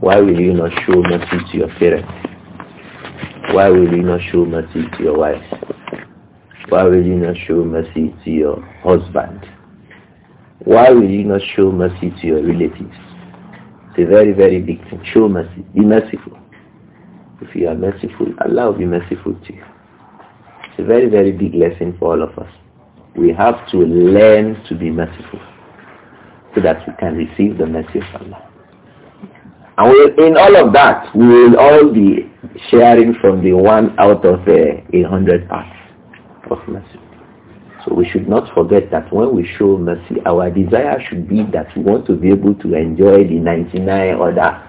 Why will you not show mercy to your parents? Why will you not show mercy to your wife? Why will you not show mercy to your husband? Why will you not show mercy to your relatives? It's a very, very big thing. Show mercy. Be merciful. If you are merciful, Allah will be merciful to you. It's a very, very big lesson for all of us. We have to learn to be merciful so that we can receive the mercy of Allah. And we, in all of that, we will all be sharing from the one out of the uh, hundred parts of mercy. So we should not forget that when we show mercy, our desire should be that we want to be able to enjoy the 99 other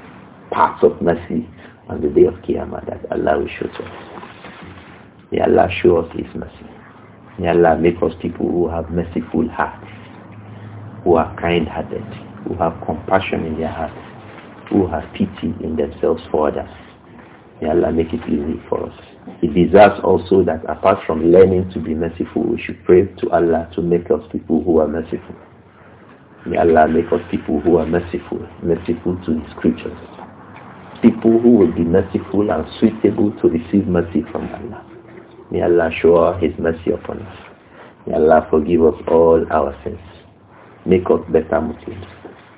parts of mercy on the day of Qiyamah that Allah will show to us. May Allah show us His mercy. May Allah make us people who have merciful hearts, who are kind-hearted, who have compassion in their hearts who have pity in themselves for others. May Allah make it easy for us. It deserves also that apart from learning to be merciful, we should pray to Allah to make us people who are merciful. May Allah make us people who are merciful, merciful to His creatures. People who will be merciful and suitable to receive mercy from Allah. May Allah show His mercy upon us. May Allah forgive us all our sins. Make us better Muslims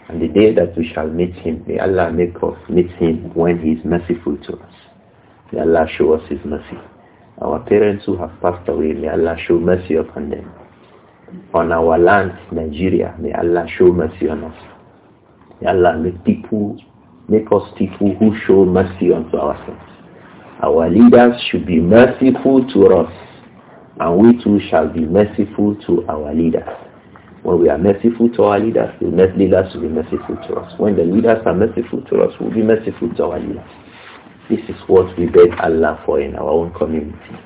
and the day that we shall meet him, may Allah make us meet him when he is merciful to us. May Allah show us his mercy. Our parents who have passed away, may Allah show mercy upon them. On our land, Nigeria, may Allah show mercy on us. May Allah make people, make us people who show mercy unto ourselves. Our leaders should be merciful to us, and we too shall be merciful to our leaders. When we are merciful to our leaders, the leaders will be merciful to us. When the leaders are merciful to us, we'll be merciful to our leaders. This is what we beg Allah for in our own community.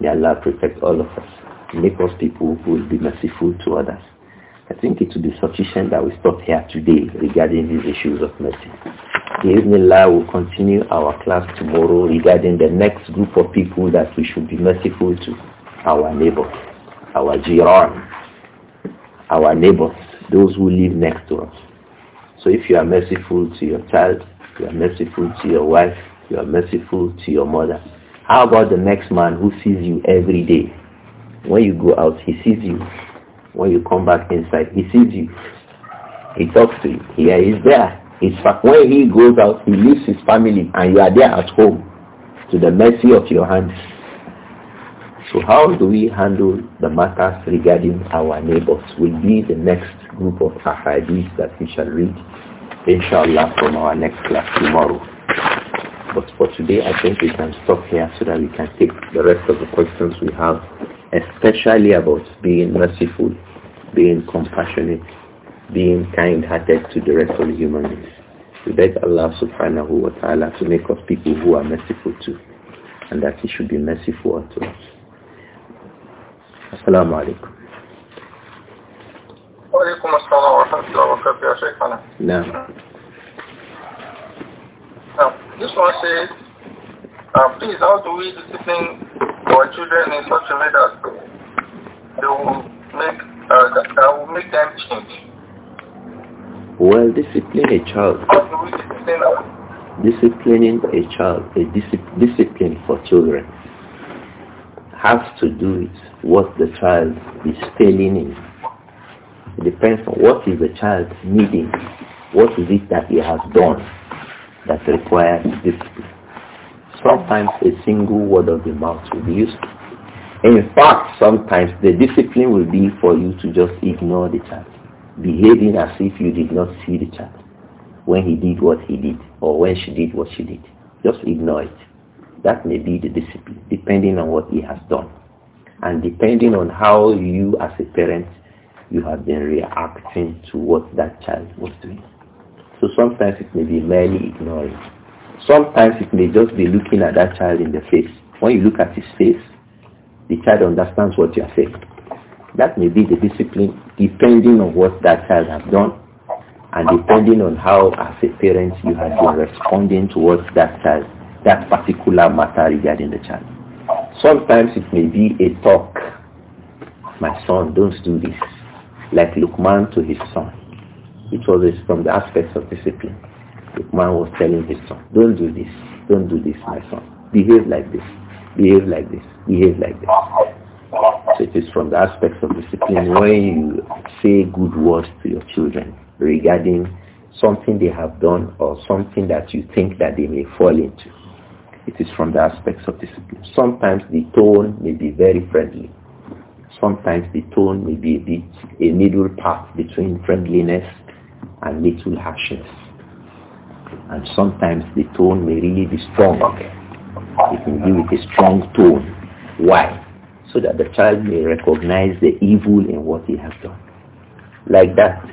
May Allah protect all of us. Make us people who will be merciful to others. I think it will be sufficient that we stop here today regarding these issues of mercy. Bismillah will continue our class tomorrow regarding the next group of people that we should be merciful to, our neighbor, our jiran, our neighbors, those who live next to us. So if you are merciful to your child, you are merciful to your wife, you are merciful to your mother. How about the next man who sees you every day? When you go out, he sees you. When you come back inside, he sees you. He talks to you. He is there. It's when he goes out, he leaves his family, and you are there at home to the mercy of your hands. So how do we handle the matters regarding our neighbors will be the next group of ahadis that we shall read, inshallah, from our next class tomorrow. But for today, I think we can stop here so that we can take the rest of the questions we have, especially about being merciful, being compassionate, being kind-hearted to the rest of the human beings. We beg Allah subhanahu wa ta'ala to make us people who are merciful too, and that he should be merciful to us. السلام عليكم وعليكم السلام ورحمة الله وبركاته يا شيخنا نعم Now, just want to say, uh, please, how do we discipline our children in such a way that they will make, uh, that, that will make them change? Well, discipline a child. How do we discipline? Disciplining a child, a dis discipline for children has to do with what the child is failing in. It depends on what is the child needing. What is it that he has done that requires discipline? Sometimes a single word of the mouth will be useful. In fact, sometimes the discipline will be for you to just ignore the child, behaving as if you did not see the child when he did what he did or when she did what she did. Just ignore it. That may be the discipline, depending on what he has done. And depending on how you as a parent, you have been reacting to what that child was doing. So sometimes it may be merely ignoring. Sometimes it may just be looking at that child in the face. When you look at his face, the child understands what you are saying. That may be the discipline depending on what that child has done and depending on how as a parent you have been responding towards that child, that particular matter regarding the child. Sometimes it may be a talk. My son, don't do this. Like Lukman to his son. It was from the aspects of discipline. Lukman was telling his son, don't do this. Don't do this, my son. Behave like this. Behave like this. Behave like this. So it is from the aspects of discipline when you say good words to your children regarding something they have done or something that you think that they may fall into. It is from the aspects of discipline. Sometimes the tone may be very friendly. Sometimes the tone may be a bit a middle path between friendliness and little harshness. And sometimes the tone may really be strong. It can be with a strong tone. Why? So that the child may recognize the evil in what he has done. Like that.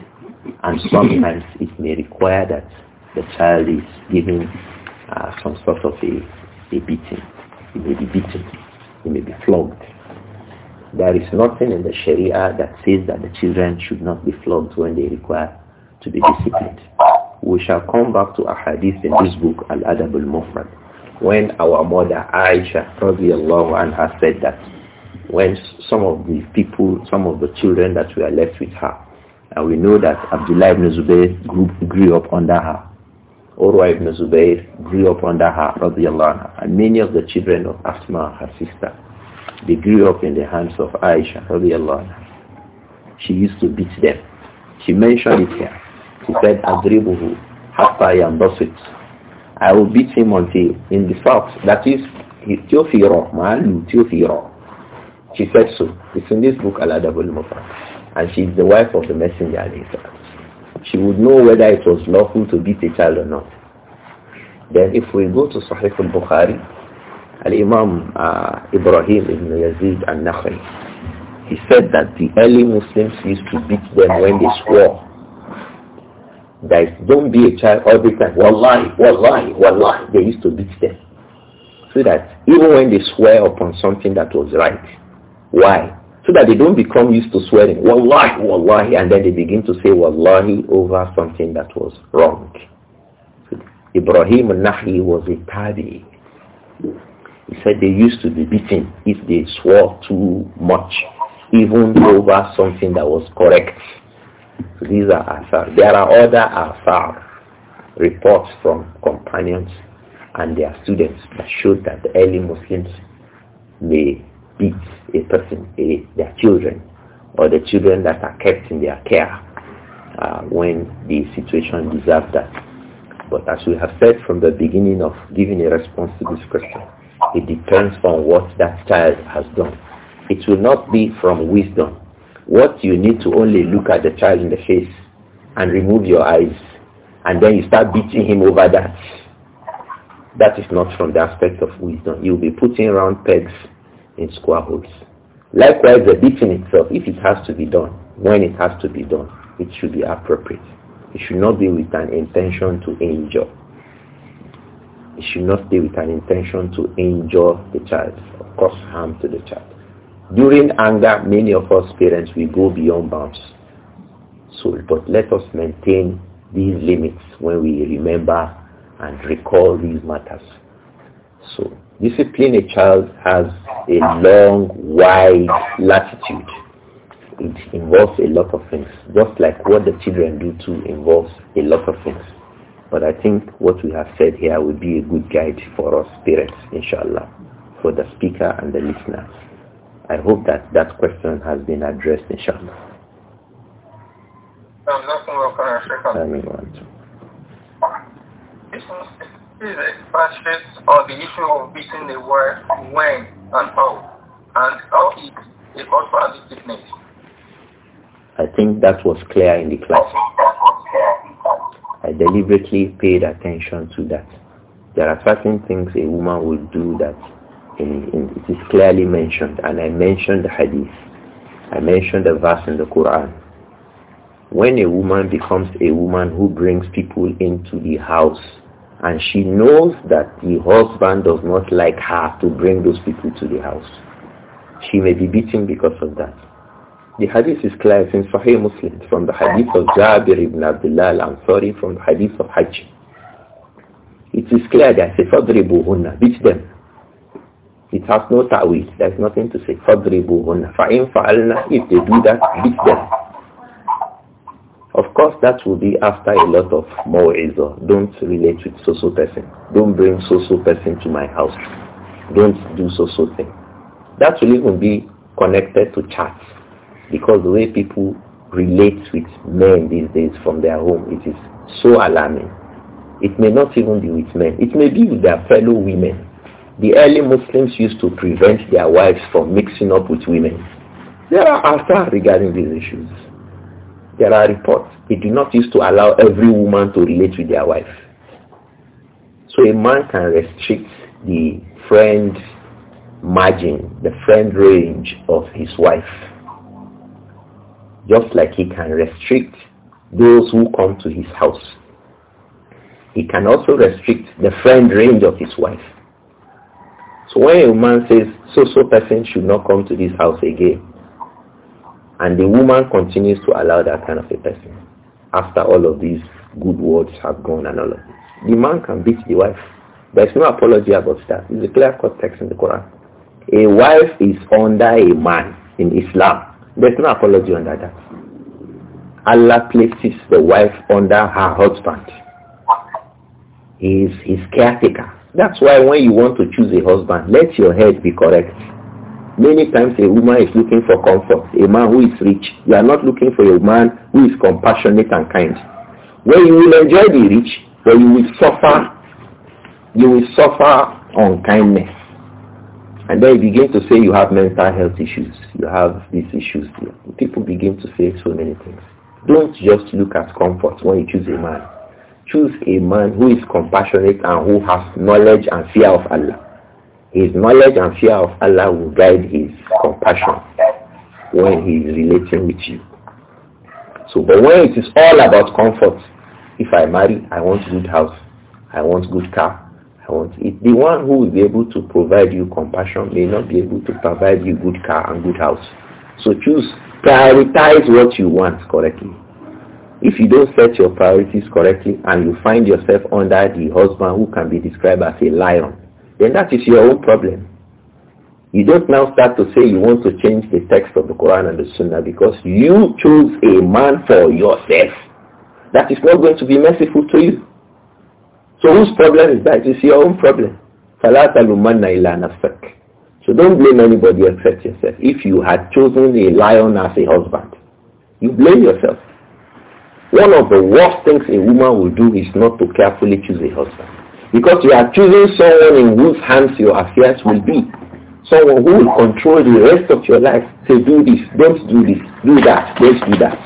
And sometimes it may require that the child is given uh, some sort of a be beaten, he may be beaten, he may be flogged. There is nothing in the Sharia that says that the children should not be flogged when they require to be disciplined. We shall come back to a hadith in this book, Al-Adab al-Mufrad, when our mother Aisha radiallahu anha said that when some of the people, some of the children that were left with her, and we know that Abdullah ibn Zubayr grew, grew up under her, Urwa ibn Zubayr grew up under her, radiallahu anha. And many of the children of Asma, her sister, they grew up in the hands of Aisha, radiallahu anha. She used to beat them. She mentioned it here. She said, Adribuhu, hatta yambasit. I will beat him until in the south. That is, Teofiro, Ma'alu, Teofiro. She said so. It's in this book, Al-Adab al-Mufrad. And she's the wife of the messenger, alayhi she would know whether it was lawful to beat a child or not. Then if we go to Sahih al-Bukhari, Al-Imam uh, Ibrahim ibn Yazid al-Nakhri, he said that the early Muslims used to beat them when they swore. That don't be a child every time. Wallahi, wallahi, wallahi. They used to beat them. So that even when they swear upon something that was right, why? so that they don't become used to swearing, wallahi, wallahi, and then they begin to say wallahi over something that was wrong. So Ibrahim al-Nahi was a tabi. He said they used to be beaten if they swore too much, even over something that was correct. So these are asar. There are other asar reports from companions and their students that showed that the early Muslims may beat a person, a, their children, or the children that are kept in their care uh, when the situation deserves that. But as we have said from the beginning of giving a response to this question, it depends on what that child has done. It will not be from wisdom. What you need to only look at the child in the face and remove your eyes and then you start beating him over that. That is not from the aspect of wisdom. You'll be putting round pegs in square holes. Likewise, the beating itself, if it has to be done, when it has to be done, it should be appropriate. It should not be with an intention to injure. It should not be with an intention to injure the child or cause harm to the child. During anger, many of us parents, we go beyond bounds. So, but let us maintain these limits when we remember and recall these matters. So Discipline a child has a long, wide latitude. It involves a lot of things, just like what the children do too involves a lot of things. But I think what we have said here will be a good guide for us parents, inshallah, for the speaker and the listener. I hope that that question has been addressed, inshallah. No, nothing will a expansions on the issue of beating the wife when and how, and how it is also a I think that was clear in the class. I deliberately paid attention to that. There are certain things a woman will do that in, in, it is clearly mentioned, and I mentioned the hadith. I mentioned the verse in the Quran. When a woman becomes a woman who brings people into the house and she knows that the husband does not like her to bring those people to the house. She may be beaten because of that. The hadith is clear in Sahih Muslim from the hadith of Jabir ibn Abdullah al-Ansari from the hadith of Hajj. It is clear that فَضْرِبُهُنَّ Beat them. It has no ta'wil. There's nothing to say. فَضْرِبُهُنَّ فَإِنْ فَعَلْنَا If they do that, beat them. Of course, that will be after a lot of more Don't relate with so-so person. Don't bring so-so person to my house. Don't do so-so thing. That will even be connected to chats because the way people relate with men these days from their home, it is so alarming. It may not even be with men. It may be with their fellow women. The early Muslims used to prevent their wives from mixing up with women. There are answers regarding these issues. There are reports. they do not used to allow every woman to relate with their wife. So a man can restrict the friend margin, the friend range of his wife. Just like he can restrict those who come to his house. He can also restrict the friend range of his wife. So when a man says, so-so person should not come to this house again, and the woman continues to allow that kind of a person after all of these good words have gone and all of this. The man can beat the wife. There's no apology about that. It's a clear-cut text in the Quran. A wife is under a man in Islam. There's no apology under that. Allah places the wife under her husband. He is his caretaker. That's why when you want to choose a husband, let your head be correct. Many times a woman is looking for comfort, a man who is rich. You are not looking for a man who is compassionate and kind. Where you will enjoy the rich, but you will suffer, you will suffer unkindness. And then you begin to say you have mental health issues, you have these issues. People begin to say so many things. Don't just look at comfort when you choose a man. Choose a man who is compassionate and who has knowledge and fear of Allah. His knowledge and fear of Allah will guide his compassion when he is relating with you. So, but when it is all about comfort, if I marry, I want good house, I want good car, I want it. The one who will be able to provide you compassion may not be able to provide you good car and good house. So choose, prioritize what you want correctly. If you don't set your priorities correctly and you find yourself under the husband who can be described as a lion, then that is your own problem. You don't now start to say you want to change the text of the Quran and the Sunnah because you chose a man for yourself that is not going to be merciful to you. So whose problem is that? It's your own problem. So don't blame anybody except yourself. If you had chosen a lion as a husband, you blame yourself. One of the worst things a woman will do is not to carefully choose a husband. Because you are choosing someone in whose hands your affairs will be. Someone who will control the rest of your life. Say, do this, don't do this, do that, don't do that.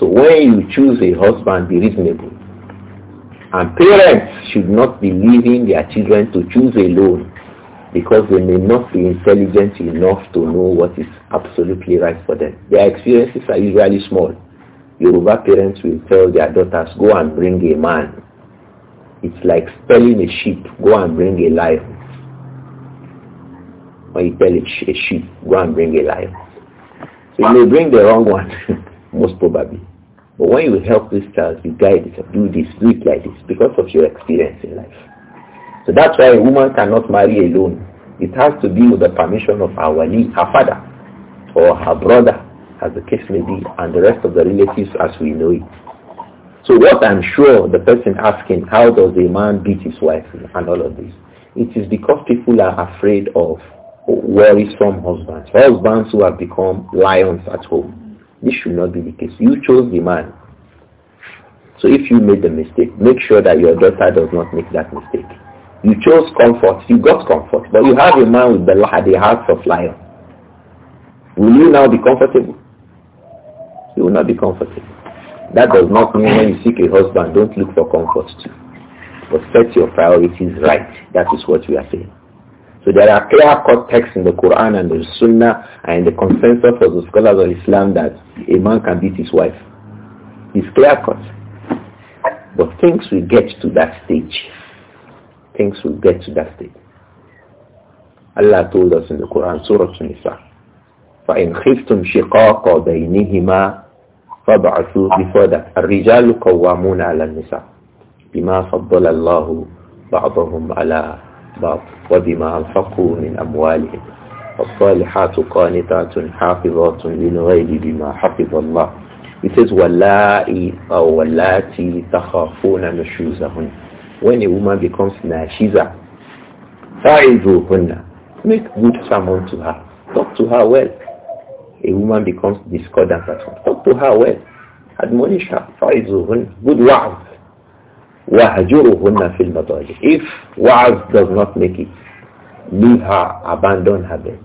So when you choose a husband, be reasonable. And parents should not be leaving their children to choose alone because they may not be intelligent enough to know what is absolutely right for them. Their experiences are usually small. Yoruba parents will tell their daughters, go and bring a man. It's like spelling a sheep, go and bring a lion. When you tell a sheep, go and bring a lion. So you may bring the wrong one, *laughs* most probably. But when you help this child, you guide it, do this, do it like this, because of your experience in life. So that's why a woman cannot marry alone. It has to be with the permission of her wali, her father, or her brother, as the case may be, and the rest of the relatives as we know it. So what I'm sure the person asking, how does a man beat his wife and all of this, it is because people are afraid of worrisome husbands, husbands who have become lions at home. This should not be the case. You chose the man. So if you made the mistake, make sure that your daughter does not make that mistake. You chose comfort, you got comfort, but you have a man with the, the hearts of lion. Will you now be comfortable? You will not be comforted. That does not mean when you seek a husband, don't look for comfort too. But set your priorities right. That is what we are saying. So there are clear-cut texts in the Quran and the Sunnah and the consensus of the scholars of Islam that a man can beat his wife. It's clear-cut. But things will get to that stage. Things will get to that stage. Allah told us in the Quran, Surah Nisa, فَإِنْ خِفْتُمْ شِقَاقَ بَيْنِهِمَا فابعثوا before الرجال قوامون على النساء بما فضل الله بعضهم على بعض وبما أنفقوا من أموالهم الصالحات قانتات حافظات للغيب بما حفظ الله It says واللائي أو واللاتي تخافون نشوزهن When a woman becomes nashiza فاعذوهن Make good sermon to her Talk to her well a woman becomes discordant at home. Talk to her well. Admonish her. فَعِزُهُنْ Good wa'az. وَهَجُرُهُنَّ فِي الْمَضَاجِ If wa'az does not make it, leave her, abandon her bed.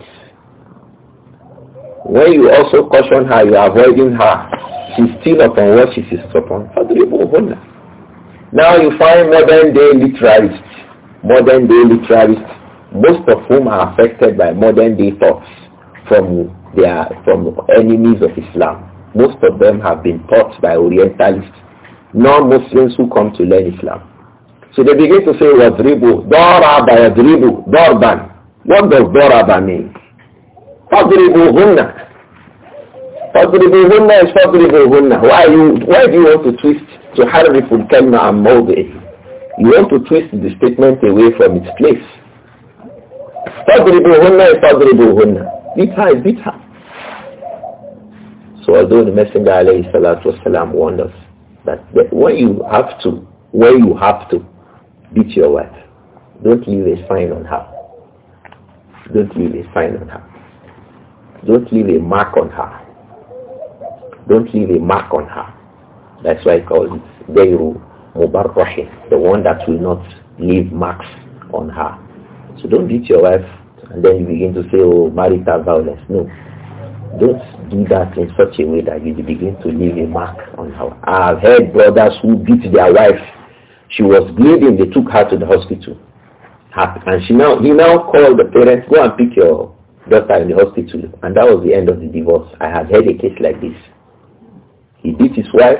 When you also caution her, you are avoiding her. She's still upon what she is upon. فَضْرِبُهُنَّ Now you find modern day literalists, modern day literalists, most of whom are affected by modern day thoughts from they are from enemies of Islam. Most of them have been taught by Orientalists, non-Muslims who come to learn Islam. So they begin to say, Wadribu, Doraba Yadribu, Dorban. What does Doraba mean? Fadribu Hunna. Fadribu Hunna is Fadribu Hunna. Why, why do you want to twist to Hariful Kalma and Mawdi? You want to twist the statement away from its place. Fadribu Hunna is Fadribu Hunna. Bita is bita. So although the Messenger alayhi salatu wasalam warned us that, when you have to, when you have to, beat your wife. Don't leave a sign on her. Don't leave a sign on her. Don't leave a mark on her. Don't leave a mark on her. That's why I call it Deiru Mubarrahin, the one that will not leave marks on her. So don't beat your wife and then you begin to say, oh, marital violence. No. Don't do that in such a way that you begin to leave a mark on her. I've heard brothers who beat their wife. She was bleeding. They took her to the hospital. And she now, he now called the parents, go and pick your daughter in the hospital. And that was the end of the divorce. I had heard a case like this. He beat his wife.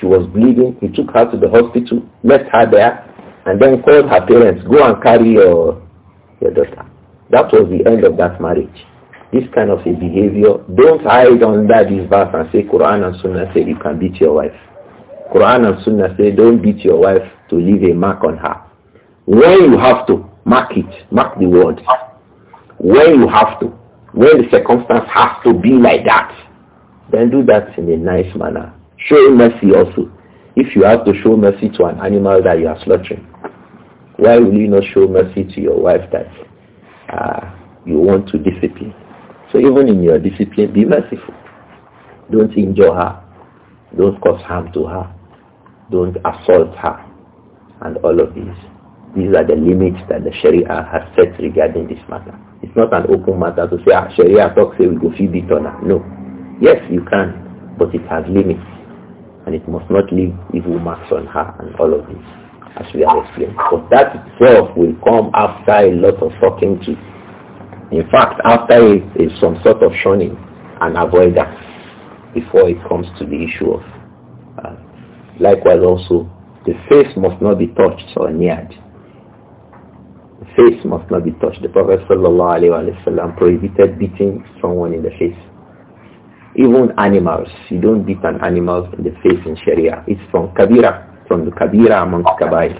She was bleeding. He took her to the hospital, left her there, and then called her parents, go and carry your, your daughter. That was the end of that marriage this kind of a behavior, don't hide under this verse and say Quran and Sunnah say you can beat your wife. Quran and Sunnah say don't beat your wife to leave a mark on her. When you have to, mark it, mark the word. When you have to, when the circumstance has to be like that, then do that in a nice manner. Show mercy also. If you have to show mercy to an animal that you are slaughtering, why will you not show mercy to your wife that uh, you want to discipline? So even in your discipline, be merciful. Don't injure her. Don't cause harm to her. Don't assault her. And all of these. These are the limits that the Sharia has set regarding this matter. It's not an open matter to say, ah, Sharia talks, say we go feed it on her. No. Yes, you can, but it has limits. And it must not leave evil marks on her and all of this, as we have explained. But that itself will come after a lot of talking to in fact, after it is some sort of shunning and avoidance before it comes to the issue of. Uh, likewise also, the face must not be touched or neared. The face must not be touched. The Prophet ﷺ prohibited beating someone in the face. Even animals, you don't beat an animal in the face in Sharia. It's from Kabira, from the Kabira amongst Kabair.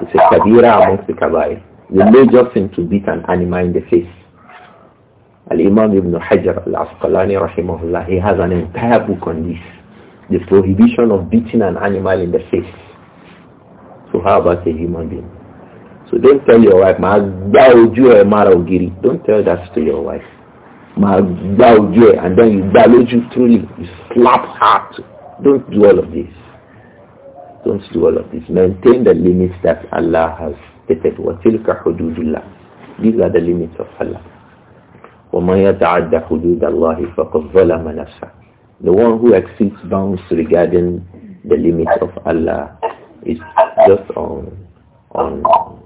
It's a Kabira amongst the Kabair. The major thing to beat an animal in the face. Al-Imam Ibn Hajar Al-Asqalani rahimahullah, he has an entire book on this. The prohibition of beating an animal in the face. So how about a human being? So don't tell your wife, ma do Don't tell that to your wife. Ma and then you gba lójú truly. You slap her. Don't do all of this. Don't do all of this. Maintain the limits that Allah has stated. These are the limits of Allah. The one who exceeds bounds regarding the limits of Allah is just on, on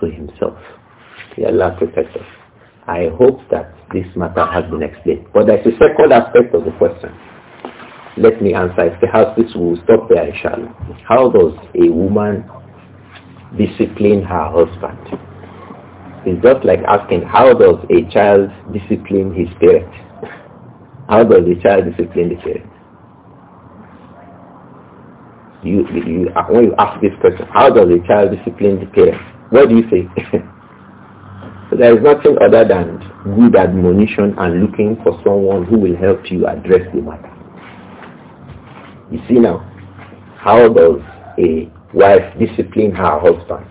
to himself. May Allah protect us. I hope that this matter has been explained. But there's a second aspect of the question. Let me answer. If perhaps this will stop there, inshallah. How does a woman discipline her husband? It's just like asking, how does a child discipline his parent? How does a child discipline the parent? You, you, uh, when you ask this question, how does a child discipline the parent? What do you say? *laughs* so there is nothing other than good admonition and looking for someone who will help you address the matter. You see now, how does a wife discipline her husband?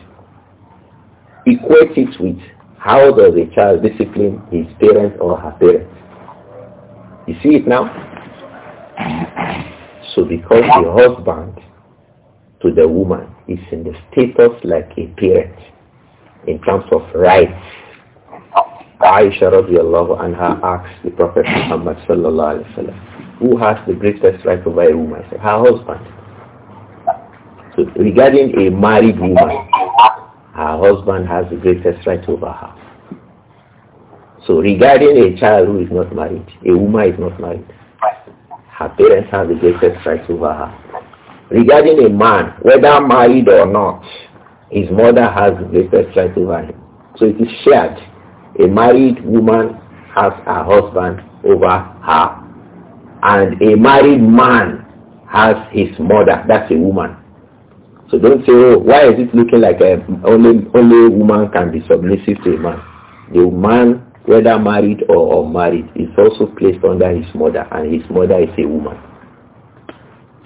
equate it with how does a child discipline his parents or her parents. You see it now? So because the husband to the woman is in the status like a parent in terms of rights. Aisha radiallahu anha asks the Prophet Muhammad sallallahu alayhi wa sallam, who has the greatest right over a woman? her husband. So regarding a married woman, her husband has the greatest right over her. So regarding a child who is not married, a woman is not married, her parents have the greatest right over her. Regarding a man, whether married or not, his mother has the greatest right over him. So it is shared. A married woman has her husband over her, and a married man has his mother, that's a woman, so don't say, oh, why is it looking like a, um, only only woman can be submissive to a man? The man, whether married or unmarried, is also placed under his mother, and his mother is a woman.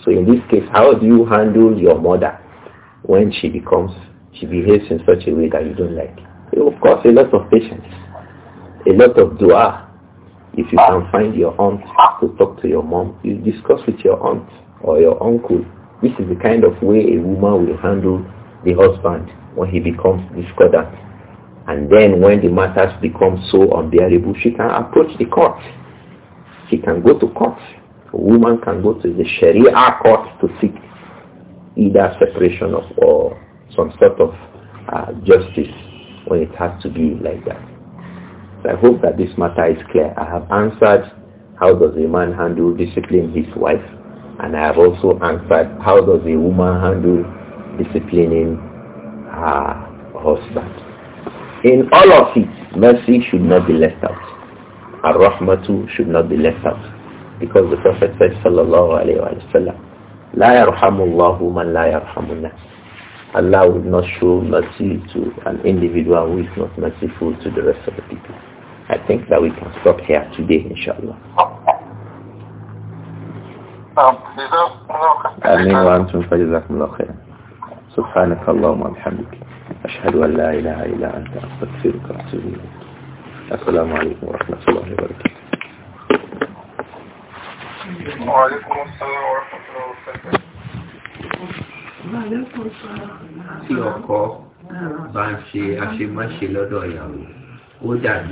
So in this case, how do you handle your mother when she becomes, she behaves in such a way that you don't like? Of course, a lot of patience, a lot of dua. If you can find your aunt to talk to your mom, you discuss with your aunt or your uncle this is the kind of way a woman will handle the husband when he becomes discordant. And then when the matters become so unbearable, she can approach the court. She can go to court. A woman can go to the Sharia court to seek either separation of or some sort of uh, justice when it has to be like that. So I hope that this matter is clear. I have answered how does a man handle discipline his wife and I have also answered, how does a woman handle disciplining her husband? In all of it, mercy should not be left out. Our rahmatu should not be left out. Because the Prophet said, sallallahu alayhi Wasallam, sallam, لا يرحم الله من لا يرحم الناس. Allah will not show mercy to an individual who is not merciful to the rest of the people. I think that we can stop here today, inshallah. نعم، آمين وأنتم فجزاكم الله خيرا سبحانك اللهم وبحمدك أشهد أن لا إله إلا أنت أستغفرك وأتوب إليك السلام عليكم ورحمة الله وبركاته وعليكم السلام ورحمة الله وبركاته tí ọkọ bá ń ṣe aṣemáṣe lọ́dọ̀ ìyàwó ó dàbí